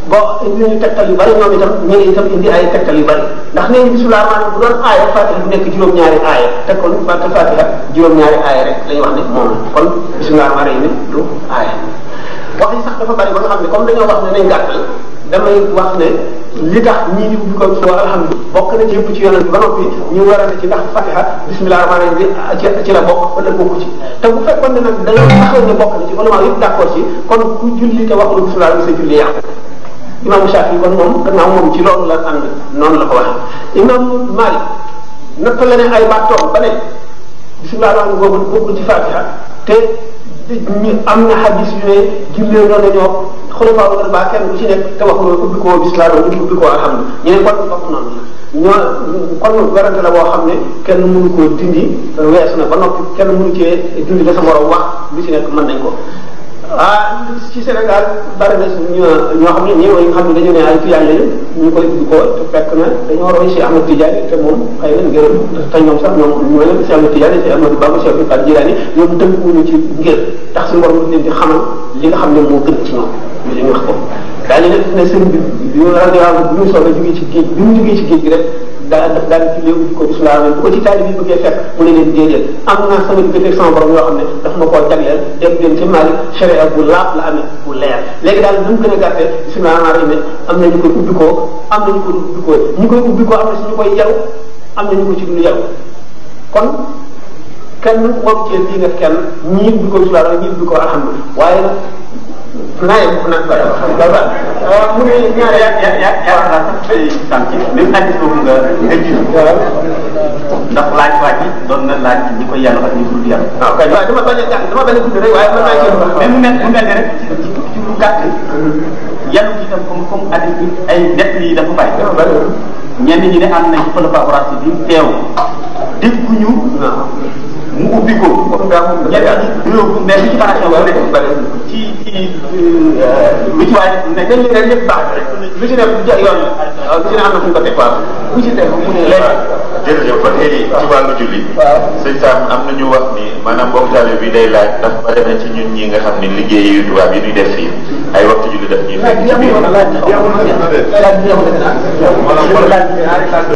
bo indi ñu tegtal yu bari ñoom itam ñu ngi itam indi ay tegtal yu bari ndax nee ñu bismillah maanaam bu doon aaya fatiha bu nekk juróom-ñaari aaya te kon fàtte fatiha juróom-ñaari aaya rek la ñuy wax ne moom kon bismillah maanaam ni du aaya wax yi sax dafa bari ba nga xam ne comme dañoo wax ne nañ gàttal damay wax ne li tax ñii di ubbi ko suba alhamdulilah bokk na ci yëpp ci yonent ba noppi ñu war a ci ndax fatiha bismillah rahmaani ah ci la bokk wala ci te bu fekkoon ne nag da nga taxaw ne bokk na ci ulama yëpp d'accord ci kon ku julli te waxul bismillah sa julli imaamu Shafi kon moom gannaaw moom ci loolu la ànd noonu la ko waxee imaamu Malik natt la ne ay baatoom ba ne bismillah rahmaani boobu bokkul ci fatiha te ñu am na xadis yu ne jullee noonu ñoo xulafaa bu arbaa kenn ku ci nekk te wax mooy ubbi ko bislaam ñu ubbi ko alhamdu ñu ne kon bokk noonu ñoo kon werante la boo xam ne kenn mënu koo dindi weesu na ba noppi kenn mënu cee dindi da sa morom wax lu ci nekk mën nañ ko ah ci Sénégal bari na ñoo xam ne ñii mooy nga xam ne dañu ne ay tijaan lañu ñu koy dugg ko te fekk na dañoo roy si Ahmad Tidiane te moom xëy na ngir te ñoom ñoo leen si Ahmad Tidiane si Ahmadou Bamba si Abdou Kadir Jilaani ci ngir tax si borom leen di xamal li nga xam ne moo gën ci ñoom li ñu wax ko daal di ne sëriñ bi bi ñu rajo bu ñu soobee jógee ci géej bi mu jógee ci géej gi rek daa daf daan ci léegi ko islaam bu ko ci taalibe bi bëggee fekk mu ne leen déedéet am naa sama diggante sama borom yoo xam ne daf ma koo jagleel dégg ngeen ci Malick bu laab la amee bu leer léegi daal bu mu gën a gàttee bismillah rahmaani am na ñu koy ubbi am na ñu koy ubbi ñu koy ubbi koo am na suñu koy yaw am na ñu ko ci dul yaw kon kenn moom cee lii nga kenn ñi ubbi ko islaam ñi ubbi ko alhamdulilah waaye nag laay bu naan ko mu ne ñaare ya ya ya yaa war naa sax ay sànq même xaalis boobu nga nga ji. ndax laaj waa ji doon na laaj ñi ko yàlla ak ñi dul yàlla. waaw kay waaye dama bañ a dama bañ a gudd rek waaye man maa ngi koy mais mu mel mu mel ne rek ci ci lu gàtt yàlla ci itam comme comme at bi ay nett yi dafa bàyyi. ñenn ñi ne am nañu collaboration bi teew dégguñu. mu ubbi ko. kon daa moom dafa yaatu. mais ci faration boobu dafa bëri ci ci li ci euh, waaye mais dañ leen lépp baax rek lu ci nekk lu ci yoon la lu ci ne am na fu ñu ko teg quoi ku ci teg mu ne léegi. jërëjëf kon léegi ci wàllu julli. waaw sëñ Sam am na ñu wax ni maanaam mbokk taalibe bi day laaj ndax bare na ci ñun ñi nga xam ne liggéeyu tubaab yi duy def fii ay waxtu julli def ñuy fekk ci biir.